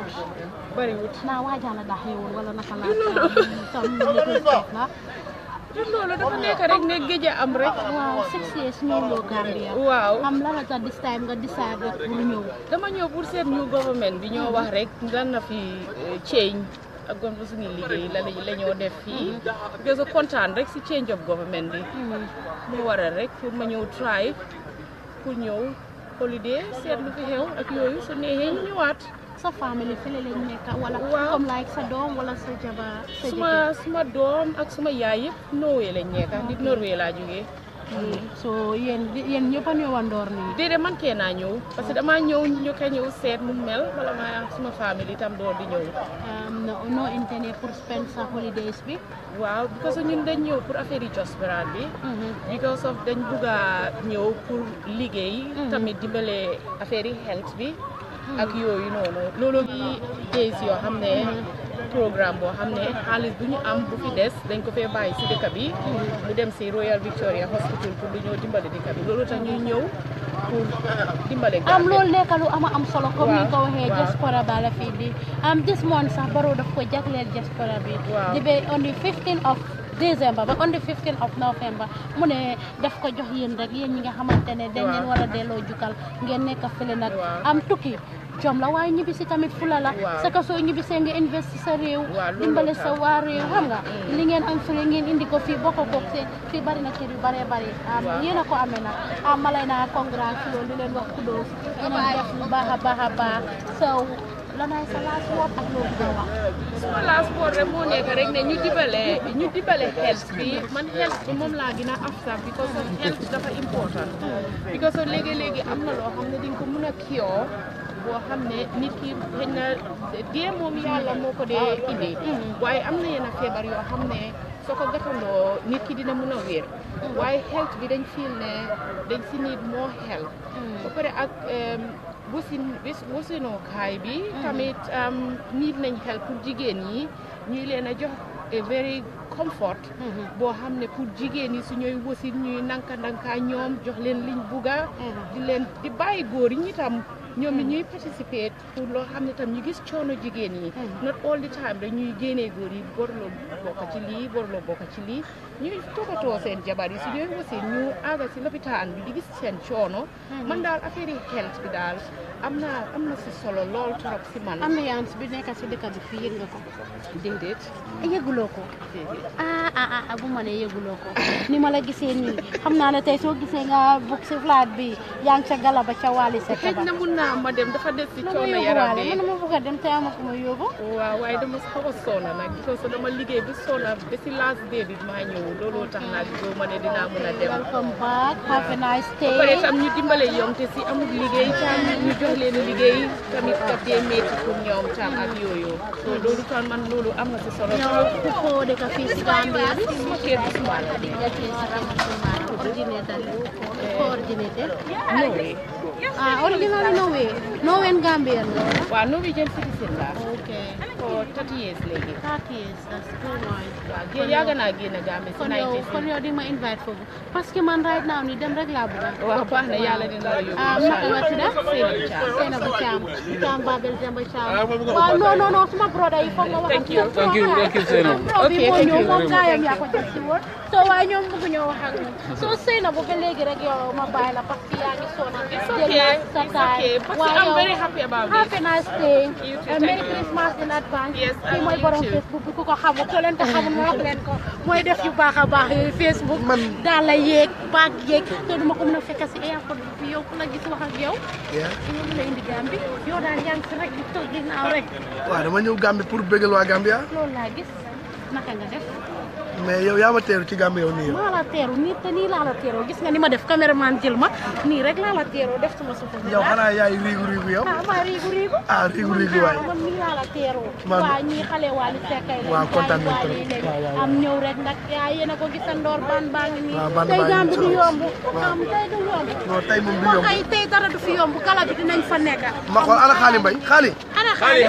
bariwul naa waajal a daax yow wala te loolu dafa nekk rek ne géej am rek. waaw six years ñëw loo Gambia. waaw xam la sa this time nga decide rek pour ñëw. dama ñëw pour seet ñu government bi ñoo wax rek lan na fi eh, change ak gon suñu liggéey la la ñoo def fii. parce que kontaan rek si change of government bi. Hmm. mu waral rek pour ma ñëw try pour ñëw holiday seet lu fi xew ak yooyu su neexee ñu ñëwaat. sa famille fële lañ nekk wala sa doom wala sa jabar suma suma doom ak suma yaay yëpp Norway lañ nekk nit Norway laa jógee mm. so yéen yéen ñëwandoor nii déedéet man kee naa ñëw parce que dama ñëw ñu ko ñëw seet mu mel wala ma suma famille itam door di ñëw um, no intérêt pour spend sa holidays bi waaw parce que dañ ñëw pour affaire yi diaspora bi mm-hmm. because of dañ bugg a ñëw pour liggéey mm-hmm. tamit dimbale affaire yi health bi ak yooyu noonu loolu days yoo xam ne programme boo xam ne xaalis bu ñu am bu fi des dañ ko fee bàyyi si dëkk bi mu dem si Royal Victoria Hospital pour lu ñëw dimbale dëkk bi loolu ta ñuy ñëw pour euh, dimbale am loolu nekk lu am am solo comme ni nga ko waxee diaspora ba fii di am um, this month sax Barrow daf ko jagleel diaspora bi di ba on the 15 of décembre ba on of novembre mu ne daf ko jox yéen rek yéen ñi nga xamante ne dañ leen war a delloo jukkal ngeen nekk fële nag am um, tukki jom la waaye ñibbisi tamit fula la sa ka soo ñibbisee nga investi sa réew dimbale sa waa réew mm. ngeen am fële ko fii bokk ko seen yu bare bari yéen ko amee na naa congrats loolu di leen wax rek moo nekk rek bi man health bi moom laa gën a because of health dafa important mm. because of léegi-léegi am na loo xam ne dinga ko mën a cure boo xam ne nit ki xëy na dee moom yàlla moo mm-hmm. waaye am na yenn feebar yoo xam ne soo nit ki dina mun a wér mm-hmm. waaye health bi dañ fiil ne dañ si need moo xel mm-hmm. ba pare ak wasin wasinookaay bi tamit niit nañ xel pour jigéen yi ñuy leen a jox a very comfort boo xam ne pour jigéen yi su ñooy wasin ñuy nanka nanka ñoom jox leen liñ bugga di leen di bàyyi góor yi ñi tam ñoom it hmm. ñuy participer pour loo xam ne tam ñu gis coono jigéen ñi. Hmm. not all the time rek ñuy génnee góor yi borloo bokk ci lii borloo bokk ci lii. ñi toppatoo seen jabar yi su dee aussi ñu àgg si lopitaan bi di gis seen coono. man daal affaire yi health bi daal am na am na si solo lool trop si man. ambiance bi nekk si fii yëg nga ko. déedéet. ma yëguloo ko ni ma la gisee xam naa ne tey soo gisee nga bokk bi yaa ca galaba ca Wally Seck ba. na ma dem dafa des si coono yaram bi man ma a dem waaye dama xaw a sonn nag parce que dama liggéey bi sonn ba si last day bi maa ñëw. looloo tax naa gisoo ma ne dinaa mën a dem. welcome back have a nice day. ba pare tam ñu dimbale yoon te si amul liggéey tam ñu jox leen liggéey tamit daf dee métti pour ñoom tam ak yooyu. loolu tam man loolu am na si solo. ñoo ku ko dëkk fii si Gambia. kër gi sumaal. coordinated. ah originally Norway. Norway Gambian. waaw Norwegian citizen la. ok. 30 years léegi. 30 years that's too much. waaw yàgg naa génn Gambie No, no, kon yow di ma invite foofu parce que man right now nii dem rek laa bëgg. waaw baax na yàlla dina no, yóbbu. ah naka nga tudd Seynabou Thiam No, no, no, no. waaw non non non suma broda yi foog ma wax. thank you thank you thank you Seynabou. ok thank you moom gaayam yaa ko jël si woon. so waaye ñoom bëgg ñoo wax ak ñun. soo Seynabou ba léegi rek yow ma bàyyi la parce que yaa ngi sonal. it's okay it's okay parce que I'm very happy about this. have a nice day. you too thank you. Merry Christmas in advance. bank kii mooy borom Facebook bu ko xamul ko leen ko xamul ma leen ko mooy def yu baax a baax yooyu Facebook daal a yeeg baag yeeg te duma ko mën a fekk si airport bi yow ku la gis wax ak yow ño la indi Gambie yow daal yaa si rek di toog ginnaaw rek waaw dama ñëw Gambie pour bégal waa Gambia loolu laa gis naka nga def mais yow yaa ma teeru ci gàmm yow nii yow. teeru nii te nii laa la teeroo gis nga ni ma def caméraman jël ma nii rek laa la def sama suuf. yow xanaa yaay riigu riigu yow. ah maa riigu riigu. ah riigu riigu waay ah, man nii laa la teeroo. man waaw ñii xale nañ fa nekk. ma xool ana xaali mbay ana xaali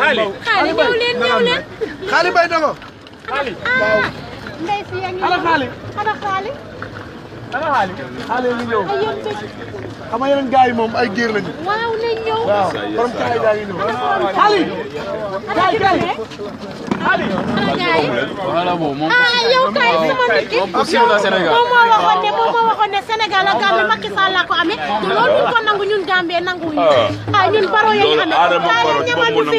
xaali ñëw leen ñëw leen xaali dogo ah. ndey si yaa ngi ñun ah, ko nangu ñun Gambie nangu ah. ah, ñun baro yi ñamal ñu fi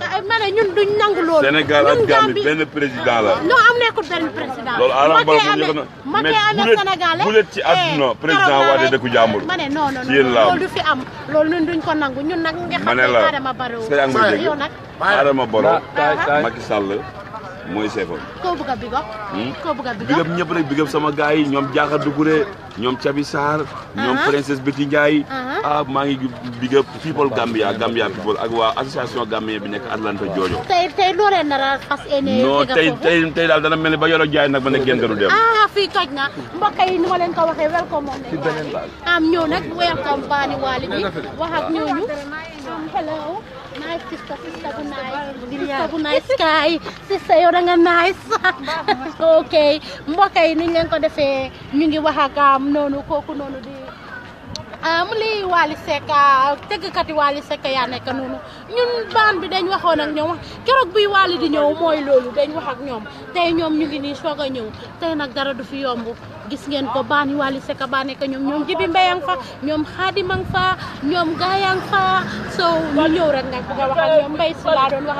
ay ma ne ñun duñ nangu loolu. Sénégal ak Gambie benn président la. non am nekkul benn président. Adama Barrow moom ñu ma tey amee Sénégalais bu leen ci eh, àdduna ma ne non non Adama Barrow yow nag. Adama Barrow ah, ah, ah. mooy seefam. koo bëgg a bigop. Hmm? koo bëgg a bigop bigop ñëpp rek bigop sama gars yi ñoom Diakha Doucouré ñoom Thiabi Sarr. ñoom uh-huh. princesse Betty Ndiaye. Uh-huh. ah maa ngi bigop people Gambia Gambia people ak waa association Gambien bi nekk Atlanta Jojo. tey tey loo leen nar a fas yéene. non tey tey daal dana mel ni ba Yoro Jaay nag ba ne génn du dem. ah fii toj na mbokk yi ni ma leen ko waxee welcome moom lañ. am ñëw nag welcome baani waali bi wax ak ñooñu. Um, hello. Nice sister, sister, good night. Sister, good night sky. Sister, yow da nga ok mbokk yi ni leen ko defee ñu ngi wax ak um, noonu kooku noonu di. mu um, lii Wally Seck uh, tëggkati Wally Seck yaa nekk noonu ñun baan bi dañ waxoon ak ñoom keroog bi Wally di ñëw mooy loolu dañ wax ñoom tey ñoom ñu ngi nii soog a ñëw tey nag dara du fi yomb gis ngeen ko baan Wally Seck baa nekk ñoom ñoom jibi mbéyang fa ñoom xaadimang fa ñoom gaayang fa so ñu ñëw rek nag bëgg a wax ak ñoom mbay si laa doon wax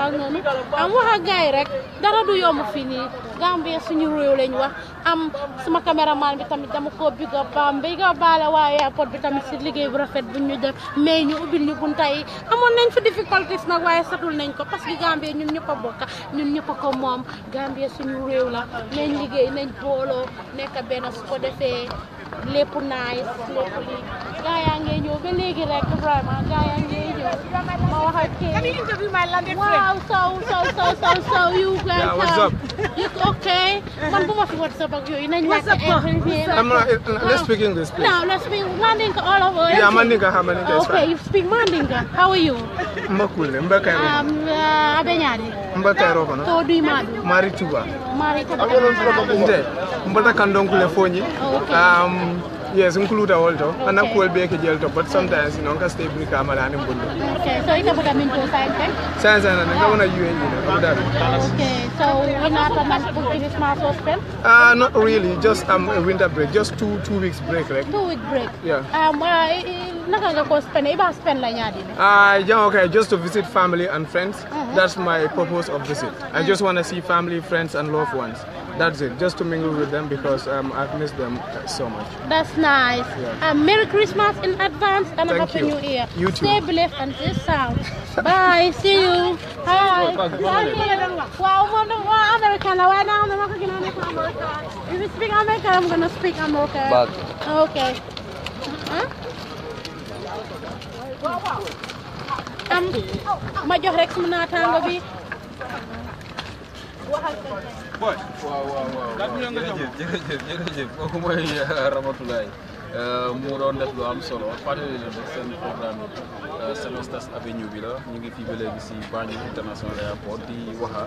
am wax gaay rek dara du yomb fii nii Gambie suñu réew lañ wax am sama caméraman bi tamit dama ko big up baam big up baale waaye airport bi tamit si liggéey bu rafet bu ñu def mais ñu ubbil ñu bunta yi amoon nañ fi difficultés nag waaye satul nañ ko parce que Gambie ñun ñëpp a bokk ñun ñëpp a ko moom Gambie suñu réew la nañ liggéey nañ what if they lépp nice lépp lii gaya yaa ngi ñëw ba léegi rek vraiment gars yaa ngi ñëw ma wax ak kii waaw so, so, saw saw saw you guys yeah, what's up? you okay man bu ma fi whatsapp ak yooyu nañ laaj I'm not, let's speak English please. no let's speak Mandinka all over yeah Mandinka how Mandinka okay you speak Mandinka how are you mbakule mbakay um Abenyari, uh, abenyani mbakay rofa no to du madu mari tuba mari tuba nde mbata kandongule fonyi oh, um yes, include all to. Okay. And I could be a to, but sometimes you know, can stay in Kama and in Bundu. Okay, so you can put them into science, right? Science and I want to UN, you know, Okay, so you're not a much book this spend? Uh, not really, just um, a winter break, just two two weeks break, right? Two week break? Yeah. Um, uh, eh, eh, nakanga ko spend iba eh, spend la nyadi ah yeah okay just to visit family and friends uh -huh. that's my purpose of visit i uh-huh. just want to see family friends and loved ones that's it. Just to mingle with them because um, I've missed them uh, so much. That's nice. Yeah. Um, Merry Christmas in advance and a Happy New Year. You too. Stay blessed and stay sound. Bye. See you. Hi. Wow, American. If you speak American, I'm gonna speak American. Okay. Huh? Um, ma jox rek sama naataango bi waaw waaw waaw jërëjëf jërëjëf jërëjëf kooku mooy Ramatulaay Euh, mu doon def lu am solo partenaire bi seen programme yi euh, Semestas Avenue bi la ñu ngi fii ba léegi si Banjul International Airport di waxa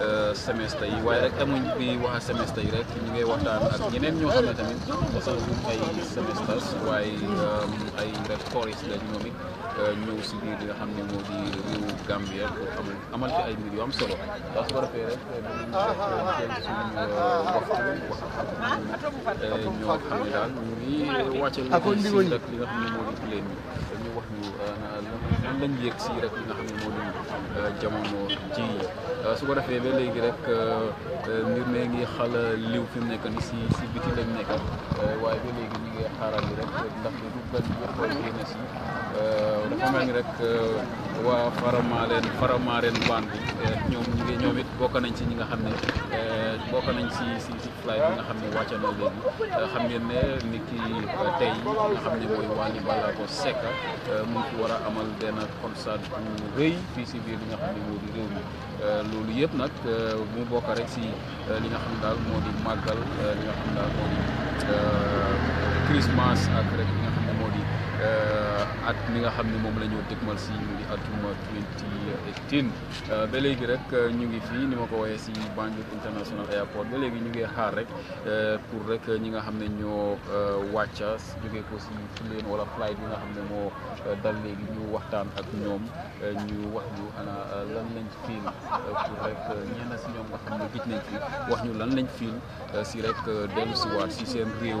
euh, Semestas yi waaye rek amuñ bi waxa Semestas yi rek ñu ngay waxtaan ak ñeneen ñoo xam ne tamit sax ay Semestas waaye ay rek touriste la ñoom it ñëw si biir li nga xam ne moo di réewu Gambia pour am amal ci ay mbir yu am solo ndax su ko defee rek dañuy ñoo xam ne daal ñu ngi. according to li nga xam ne moo di play mi dañu wax ñu euh, lan lañ yëg si rek li nga xam ne moo di euh, jamono ji Euh, su ko defee ba léegi rek euh, euh, mbir mee ngi xal liw fi mu nekk ni si si biti lañ nekk waaye ba léegi ñu ngi xaaral yi rek ndax du gan yokkoo génn si dafa mel ni rek waa ñu bokk nañ ci ñi nga xam ne bokk nañ si si si bi nga xam ne wàcce na léegi xam ngeen ne ni ki tey nga xam ne mooy Wally Ballago Seck mu ngi fi war a amal benn concert bu rëy fii si biir li nga xam ne moo di réew mi loolu yëpp nag euh, mu bokk rek si euh, li nga xam daal moo di màggal euh, li nga xam daal moo di Christmas ak rek Euh, at ni nga xam ne moom la ñu dëgmal si mu ngi atum 2018 ba léegi rek euh, ñu ngi fii ni ma ko waxee si Banjul International Airport ba léegi ñu ngi xaar rek euh, pour rek ñi nga xam ne ñoo wàcca jógee ko si plane wala flight bi nga xam ne moo dal léegi ñu waxtaan ak ñoom ñu wax ñu ana lan lañ fiil pour rek ñenn si ñoom nga xam ne gis nañ fi wax ñu lan lañ fiil si rek dellu si waat si seen réew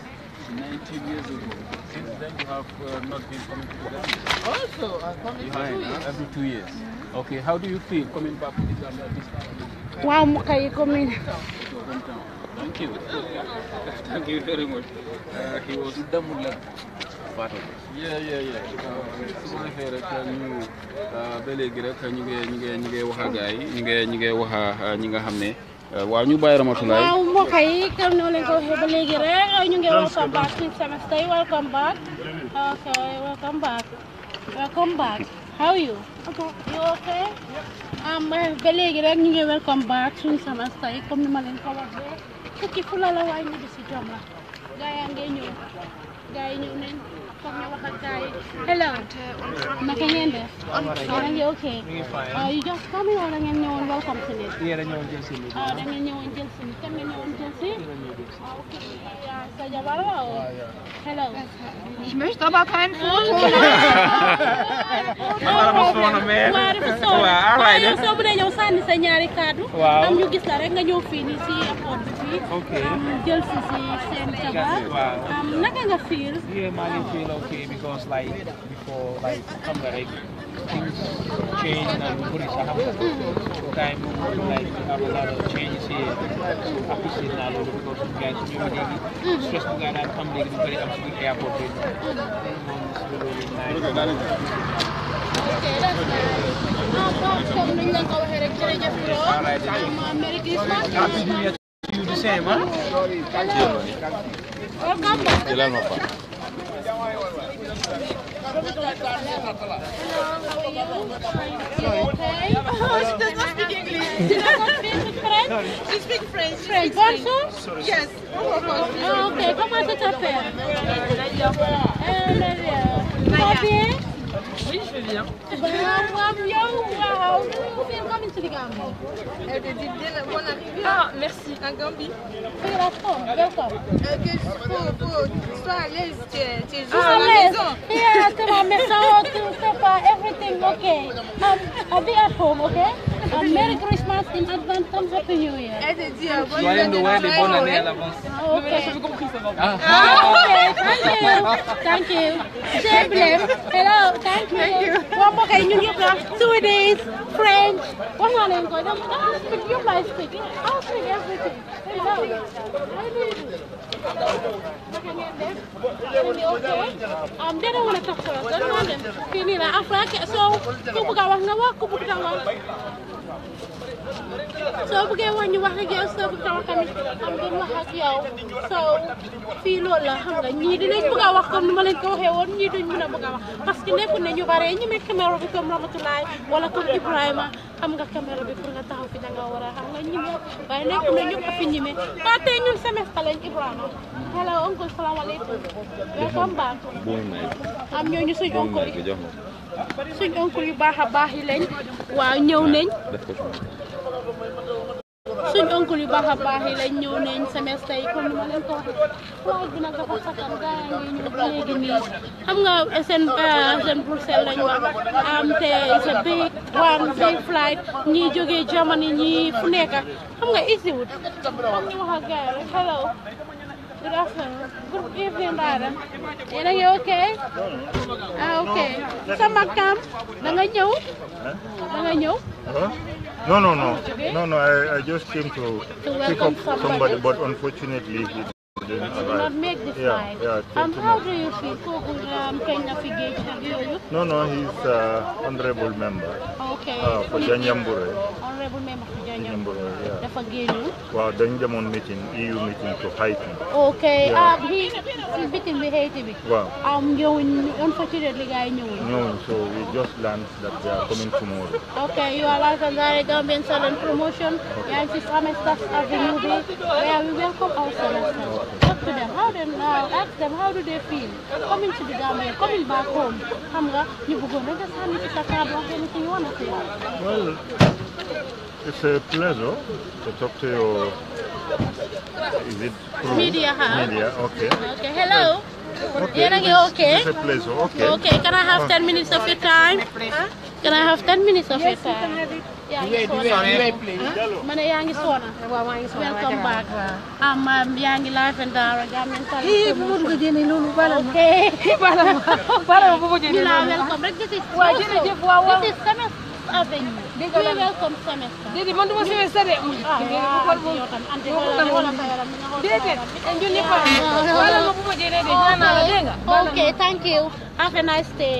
19 years ago. Since then, you have uh, not been coming to Zambia. Also, I'm uh, coming every two years. Okay, how do you feel coming back to this time? Wow, can you in? Thank you. Thank you very much. Uh, he was Damula. Yeah, yeah, yeah. su uh, Euh, waaw ñu bàyyi Ramatulaay waaw mbokk yi comme ni ma ba léegi rek ñu ngi welcome back fifth semester welcome back ok welcome back welcome back how you okay am ba léegi rek ñu ngi welcome back suñu semester yi comme ni ma leen ko waxee fukki fula la waaye ñu di si jom la gaa yaa ngi ñëw gaa Hello. Makanyende. Orang dia okay. Uh, you just come orang yang nyawan welcome sini. Iya, orang nyawan jel sini. Ah, ada nyawan jel sini. Kan ada nyawan jel sini. Okay. Ya, saya bawa. Ah, ya. Hello. Ich möchte aber kein Foto. Wala mo sono mer. Wala mo sono. All right. Yung nyari kado. Wow. Am juga sekarang nggak ganyo fini si airport bi. Okay. Am jel si si sen kaba. Wow. Am nakanga feel. feel okay because like before like come like things change and what is a Time like we have a lot of changes here. So appreciate that all because you guys you really stress to get that come they can very absolute airport. Okay, that's nice. Merry Christmas. Welcome. Welcome. Hello. How are you? Okay. Oh, she does not speak English. She does not speak French. She speaks French. French. Bonjour? Yes. Oh, okay. Comment ça s'appelle? Euh, Combien? je vais bien. Ah, merci. En ah, Gambie. à à la maison. everything okay. Um, be at home, okay? Um, Merry Christmas in advance Happy New Year. Elle te dit euh, Noël bonne année à l'avance. ok. Ah. Ah, ok. Thank you. Thank you. Hello, thank you. Thank you. Qua có cái nhân nghiệp đó. Swedish, French. Có nhà này có đâu. Đó, speak your life speak. I'll speak everything. They know I need Um, they don't want to talk to us. They don't want them. Kini na Afrika. So, soo bëggee wax ñu wax ak yow soo fii loolu la xam nga ñii dinañ bëgg a wax comme ni ma leen ko waxee woon ñii duñ mën a bëgg a wax parce que nekkul ne ñu bare ñi may caméra bi comme Ramatulaay wala comme Ibrahima am nga caméra bi pour nga taxaw fi da war a xam nga ñime waaye nekkul ne a fi ñime waa tey ñun am ñooñu suñ oncle yu baax a baax yi lañ waaw ñëw nañ suñ oncle yu baax a baax yi lañ ñëw nañ semestre yi comme ni ma leen ko waxee waaye nag dafa sakkan gaa ngi ñëw léegi nii xam nga seen ah, seen Bruxelles lañ wax am te sa big one big flight ñii jógee Germany ñii fu nekk xam nga easy wut am ñu wax ak gaa yi rek yéen a ngi ok ah ok sa mag tam ñëw da ñëw uh-huh. No, no, no. No, no, I, I just came to, to pick up somebody, somebody, but unfortunately... Do not make the yeah, flight. Yeah, um, how do you feel? Um, kind of no, no, he's uh, honorable member. Okay. Uh, for Janyambure. Honorable member for Janyambure. Yeah. Dafa génn. Waaw dañ meeting, EU meeting to Haiti. Okay. Yeah. Um, he, he's meeting with Haiti. I'm going. unfortunately I knew. No, so we just learned that they are coming tomorrow. Okay, you are like a Gare Gambian Salon promotion. Okay. Yeah, it's Amestas Avenue B, where we welcome our Salon talk to them how them uh, ask them how do they feel coming to the Gambia coming back home xam you ñu going to sax ñu ci sa anything you want to say well it's a pleasure to talk to your is it media huh? media okay okay hello okay, okay. It's, a pleasure okay okay can I have 10 minutes of your time huh? Can I have 10 minutes of yes, your time? Yes, you can have it. Mana yaa ngi soona. Ah, waaw maa ngi soona welcome back. ah maam um, um, yaa and ok welcome rek this is. waaw jërëjëf waaw waaw this is semester avenue. dëgg la welcome semester. déedéet man du ma semester de. ah waaw ok thank you have a nice day.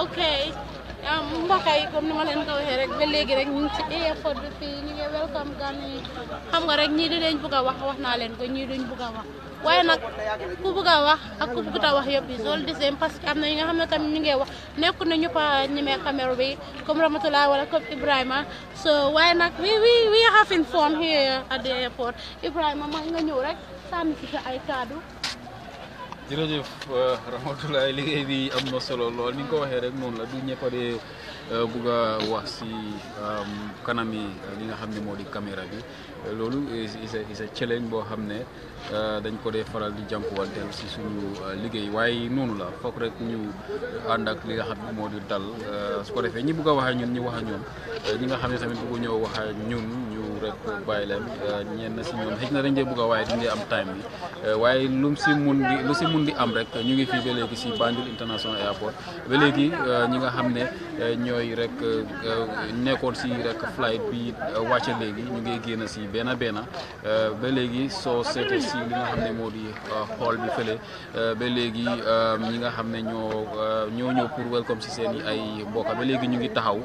ok mbokk yi comme ni ma leen ko waxee rek ba léegi rek ñu ngi ci airport bi fii ñu ngi welcome gan xam nga rek ñii di leen bëgg a wax wax naa leen ko ñii duñ bëgg a wax waaye nag ku bëgg wax ak ku bëggut a wax yëpp yi sol di seen parce que am na ñi nga xam ne tamit ñu ngi wax nekku na ñëpp a ñemee caméra bi comme Ramatullah wala comme Ibrahima so waaye nag we we we having fun here at the airport Ibrahima ma nga ñëw rek sànni ci ay kaddu. jërëjëf euh, Ramatoulaye liggéey bi am na solo lool ni nga ko waxee rek noonu la du ñëpp a dee euh, bugg a wax si euh, kanam yi li nga xam ne moo di caméra bi loolu is a is boo xam ne dañ ko dee faral di jànkuwanteel si suñu liggéey waaye noonu la foog rek ñu ànd ak li nga xam ne moo di dal su ko defee ñi bugg a wax ak ñun ñu wax ak ñoom ñi nga xam ne tamit bugg ñëw wax ak ñun. rek bàyyi leen ñenn si ñoom xëj na dañ dee bugg a waaye duñ dee am time bi waaye lu si mun di lu si mun di am rek ñu ngi fii ba léegi si Banjul International Airport ba léegi ñi nga xam ne ñooy rek nekkoon si rek flight bi wàcce léegi ñu ngi génn si benn benn ba léegi soo seetee si li nga xam ne moo di xool bi fële ba léegi ñi nga xam ne ñoo ñoo ñëw pour welcome si seen i ay mbokk ba léegi ñu ngi taxaw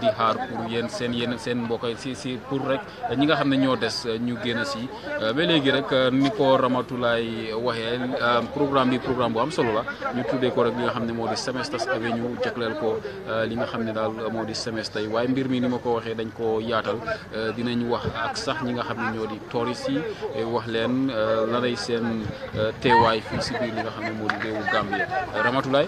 di xaar pour yéen seen yéen seen mbokk si si pour rek ñi nga xam ne ñoo des euh, ñu génn si euh, ba léegi rek euh, ni ko Ramatulaay waxee programme bi programme bu am solo la ñu tuddee ko rek li nga xam ne moo di Semesters Avenue jagleel ko li nga xam ne daal moo di semestre yi waaye mbir mi ni ma ko waxee dañ ko yaatal dinañ wax ak sax ñi nga xam ne ñoo di touristes yi wax leen lanay seen teewaay fii si biir li nga xam ne moo di réewu Gambie Ramatulaay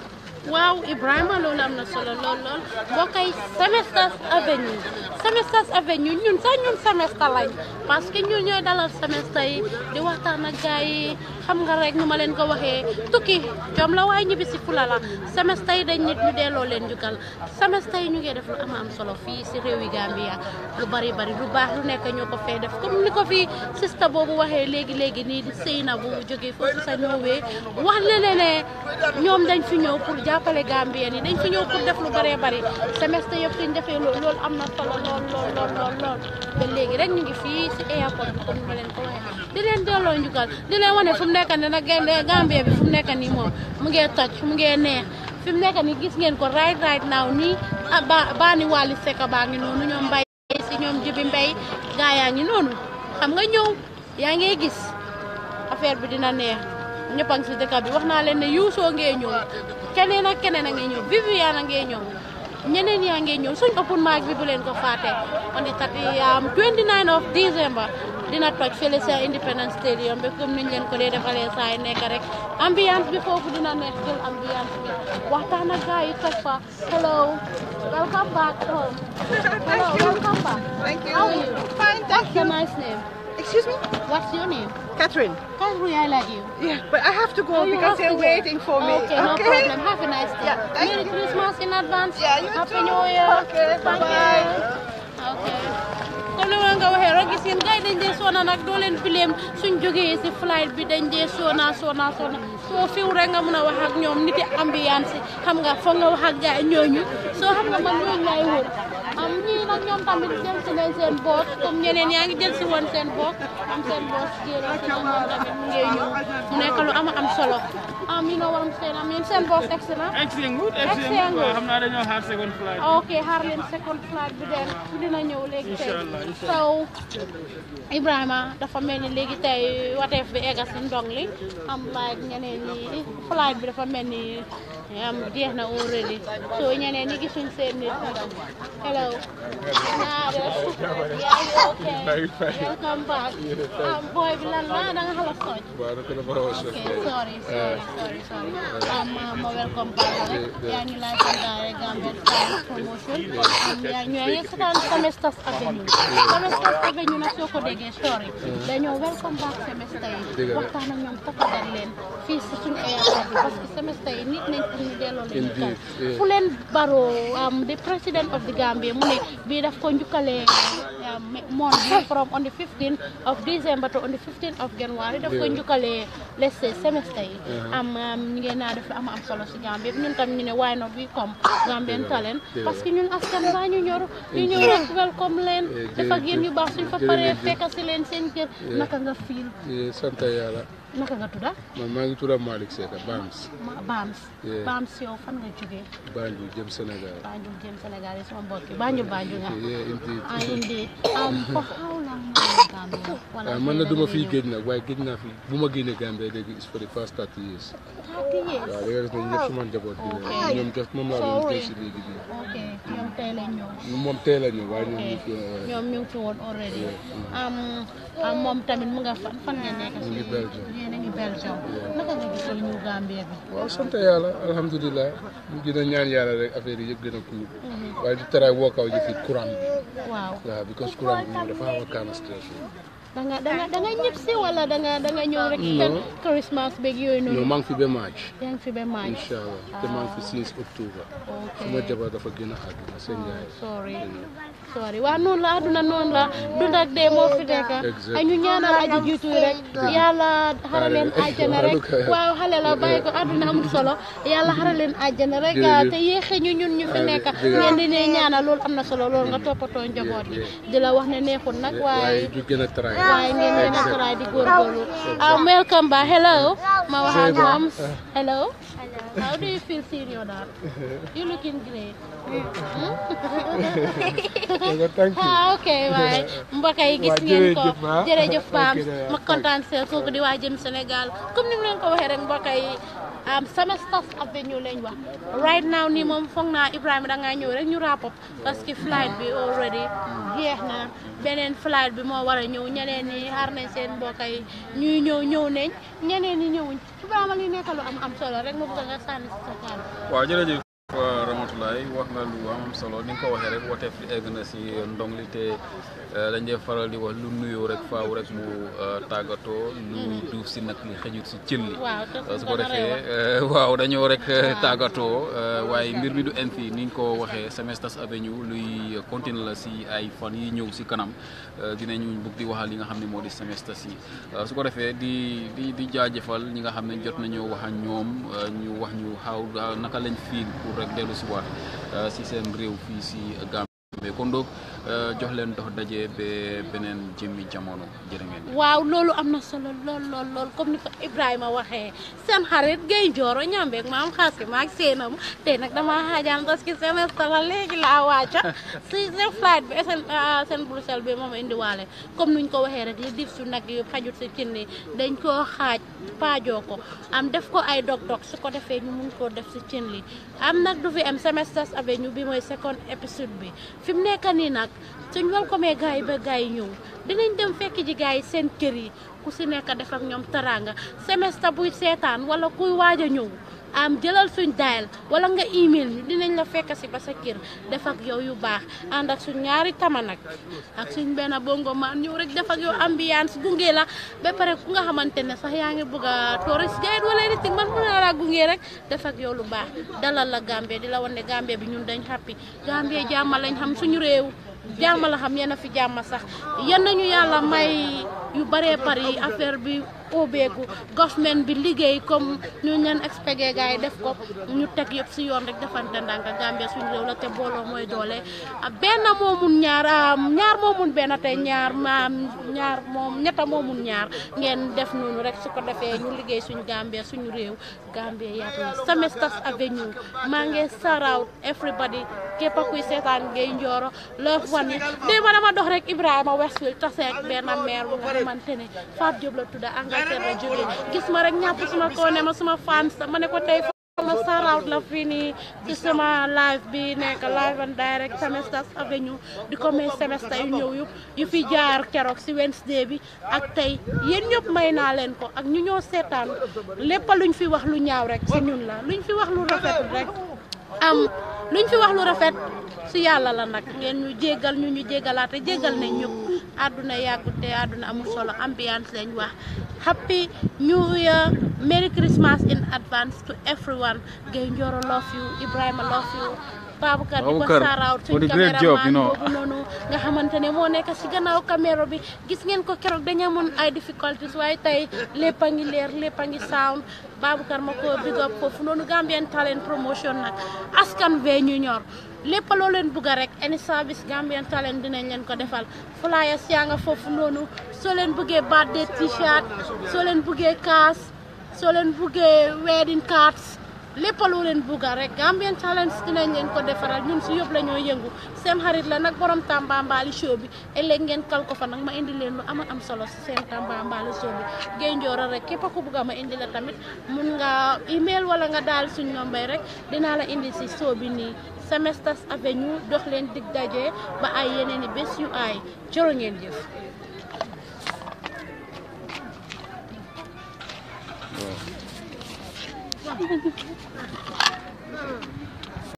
waaw Ibrahima loolu am na solo lool lool mbokk yi Semesters Avenue Semesters Avenue ñun sax ñun semestre lañ parce que ñun ñooy dalal semestre yi di waxtaan ak gars yi xam nga rek ñuma leen ko waxee tukki jom la way ñibbi si fula la semestre yi dañ nit ñu delloo leen jugal semestre yi ñu ngi def lu am am solo fi si réew Gambia lu bari bari lu baax lu nekk ñoko ko def comme niko fi sista bobu waxee léegi léegi ni seyna sëy na bu jógee foofu sa ñowé wax le le le ñom dañ fi ñëw pour jappalé Gambien ni dañ fi ñëw pour def lu bari bari semestre yëpp suñ defee lool loolu am na solo lool lool lool lool lool ba léegi rek ñu ngi fii si airport comme ma leen ko waxee di leen delloo njugal di leen wane fu nekk nii nag Gambie bi fu mu nekk nii moom mu ngee toj mu ngee neex fi mu nekk nii gis ngeen ko right right now nii ah, ba baani Wally Seck baa ngi noonu ñoom mbay si ñoom jibi mbay gaa yaa ngi noonu xam nga ñëw yaa ngi gis affaire bi dina neex ñëpp a ngi si dëkk bi wax naa leen ne Youssou ngee ñëw keneen nag keneen a ngee ñëw yaa a ngee ñëw ñeneen yaa ngee ñëw suñ open maa bi bu leen ko fàtte on the 29 um, of December dina toj fële sa Independence Stadium bi comme niñ leen ko dee defalee saa yi nekk rek ambiance bi foofu dina nekk jël ambiance bi waxtaan ak gars yi toj fa hello welcome back home hello welcome back thank you how are you fine thank you what's your nice name Excuse me? What's your name? Catherine. Catherine, I like you. Yeah, but I have to go oh, because they're waiting for me. Okay, okay, no problem. Have a nice day. Yeah, thank Merry you. Christmas in advance. Yeah, you Happy too. New Year. Okay, bye-bye. Okay. comme li ma nga waxee rek gis ngeen gars yi dañ dee soona nag doo leen fileem suñ jógee si flight bi dañ dee soona soona soona soo fiw rek nga mun a wax ak ñoom niti ambiance xam nga foog nga wax ak gars yi ñooñu soo xam nga man ñooñu laay wër am ñii nag ñoom tamit jël si nañ seen boot comme ñeneen yaa ngi jël si woon seen boot am seen boot jël si nañ ñoom tamit mu ngi ñëw mu nekk lu am am solo am yi noo waram seen am yéen seen boot egsi na egsi ngul egsi ngul xam naa dañoo xaar second flight ok xaar leen second flight bi den dina ñëw léegi tey so Ibrahima dafa mel ni léegi tey wateef bi egga si ndong li am like ñeneen ñi flight bi dafa mel ni am ya, jeex na already soo ñeneen ñi gisuñ seen nit hello naa def yaa ngi ok welcome back am boy bi lan la da nga xala sooj waaw da sorry sorry sorry am ma welcome back yaa ñu lay santaare Gambian Style promotion yaa ñu ngi seetaan semester avenue semester avenue nag soo ko déggee story dañoo welcome back semester yi waxtaan ak ñoom takadal leen fii si suñu parce que semester yi nit indeed fu leen baroo the president of the bii daf ko njukkalee moon bi from on the 15 of December to on the 15 of January daf ko njukkalee let's say semester yi uh-huh. am ñu ngeen naa def lu am am solo si Gambia ñun tam ñu ne why not we come Gambian talent parce que ñun askan baa ñu ñor ñu ñëw rek welcome leen dafa génn yu baax suñ fa paree fekk si leen seen kër naka nga fiil sant naka nga tudda man maa ngi tudda Malick Seck Bams. Bams. Bams yow fan nga jógee. Banjul jëm Sénégal. Banjul jëm Sénégal yi sama mbokk yi Banjul Banjul ah, um, ah, man na duma fi géej nag waaye géej naa fi bu ma génnee Gambia léegi is for the past thirty years. thirty moom tey si waaye ñoom ñu uh, woon already. Um, Ah, moom tamit mu nga fan fan nga nekk ngi Belgium ngi Belgium naka nga gisal ñu Gambie bi waaw sant yàlla alhamdulilah ñu gën ñaan yàlla rek affaire yi yëpp gën a cool mm-hmm. waaye di taraay wookaaw jëfi courant bi waaw because courant bi dafa da nga da nga da nga wala da nga da nga ñëw rek Christmas beeg yooyu noonu non maa fi fi allah te maa fi ah. since octobre suma jabar dafa ah, sorry sorry wa non la aduna non la dund ak dee moo fi nekk ay ñu ñaanal aji jiitu rek yàlla xara leen rek waaw xale la bàyyi ko aduna amul solo yàlla xara leen àjjana rek te yéexe ñu ñun ñu fi nekk ngeen di ne ñaanal loolu am solo loolu nga toppatoo njaboot yi di la wax ne neexul nag waaye waaye ngeen gën a taraay di góorgóorlu ah welcome ba hello ma wax ak moom uh. hello How do you feel senior? your dad? You're looking great. Hmm? Eh, ah ok waaye yi gis ngeen ko jërëjëf ah. Pam ma kontaan seen kooku di waa Jëm Sénégal comme ni mu leen ko waxee rek mbokk yi am Semester Avenue wax right now nii moom foog naa Ibrahima da ngaa ñëw rek ñu rapo parce que flight bi already jeex na beneen flight bi moo war ñëw ñeneen ñi xaar nañ seen mbokk ñu ñuy ñëw ñëw nañ ñeneen ñi ñëwuñ Ibrahima li am am solo rek ma bëgg nga sànni si sa kàddu. Eh, wa rahmatulaay wax nga lu am solo ni nga ko waxee rek te faral di wax lu nuyoo rek faaw rek mu tàggatoo lu duuf si nag li xëjut rek eh, tàggatoo eh, waaye mbir mi du em fii avenue si kanam di waxal li nga xam ne moo di di di di jaajëfal ñi nga xam ne jot nañoo wax ak ñoom ñu wax rek dellu si waat euh, si seen réew fii si Gambie kon donc Euh, jox leen dox daje ba beneen jëmmi jamono jërë ngeen waaw loolu am na solo lool lool lool comme ni ko Ibrahima waxee seen xarit Gaye Ndioro ñambeeg maam xaasi maag seenam tey nag dama xaajaan parce que semestre la léegi laa wàcca si seen flight bi seen ah, seen Bruxelles bi moom indiwaale comme nuñ ko waxee rek li dif su nag yu xajut si cin dañ koo xaaj paajoo ko am def ko ay dog su ko defee ñu koo def si cin li am nag du fi am bi mooy second épisode bi fi nekk nii nag nag suñ welcome gars yi ba gars yi ñëw dinañ dem fekk ji gars yi seen kër yi ku si nekk def ak ñoom taraanga semestre buy seetaan wala kuy waaj a ñëw am jëlal suñ daayal wala nga email ñu dinañ la fekk si ba sa kër def ak yow yu baax ànd ak suñ ñaari tama nag ak suñ benn bongo maan ñëw rek def ak yow ambiance gunge la ba pare ku nga xamante ne sax yaa ngi bëgg a touriste guide wala nit man mën naa laa gunge rek def ak yow lu baax dalal la Gambie di la wan ne bi ñun dañ happy Gambie jàmmal lañ xam suñu réew. jàmm la xam yéen a fi jàmm sax yéen nañu yàlla may yu bëree bari affaire bi. obeku government bi liggey comme ñu leen expédié gaay def ko ñu tek ci yoon rek defante ndank Gambia suñu rew la té bolo moy doole ah, ben momun mun ñaar ah, ñaar momun ben tay ñaar maam ñaar mom ñeta momun ñaar ngeen def noonu rek suko defé ñu liggey suñu Gambia suñu rew Gambia ya na Semesters Avenue ma saraw everybody képp kuy sétane ngey ndioro love one dé ma dama dox rek Ibrahima Westfield tassé ak ben maire bu nga Fab Diop la tudda Angleterre la jógee gis ma rek ñàpp suma koo ne ma suma fans ma ne ko tey ma saraut la fii nii ci sama live bi nekk live and direct Semester Avenue di ko may semester yu ñëw yu fi jaar keroog si Wednesday bi ak tey yéen ñëpp may naa leen ko ak ñu ñoo seetaan lépp luñ fi wax lu ñaaw rek si ñun la luñ fi wax lu rafet rek am luñ fi wax lu rafet si yàlla la nag ngeen ñu jéggal ñu ñu jéggalaate jéggal nañ ñu àdduna yàggut te àdduna amul solo ambiance lañ wax happy new year merry christmas in advance to everyone gay njoro love you ibrahima love you Babacar di ko Saraw suñu caméraman boobu noonu nga xamante ne moo nekk gannaaw caméra bi gis ngeen ko keroog dañu amoon ay difficultés le tey le a leer lépp sound Babacar ma ko big up foofu noonu Gambian Talent Promotion nag askan bee ñu ñor lépp loo leen bugg rek any service Gambian Talent dinañ leen ko defal flyers yaa nga foofu noonu soo leen buggee birthday t-shirt soo leen buggee kaas soo leen buggee wedding cards lepp lu len buga rek Gambian challenge dinañ ngeen ko defaral ñun ci yob lañu ñoo yëngu seen xarit la nak borom Tambambalu show bi ele ngeen kal ko fa nak ma indi len lu ama am solo si tamba Tambambalu show bi rek kepp ku buga ma indi la tamit mun nga email wala nga dal suñ nombay rek dina la indi ci show bi ni Semesters Avenue dox len dig daje ba ay yeneeni i yu ay ciro ngeen jëf Thank you. うん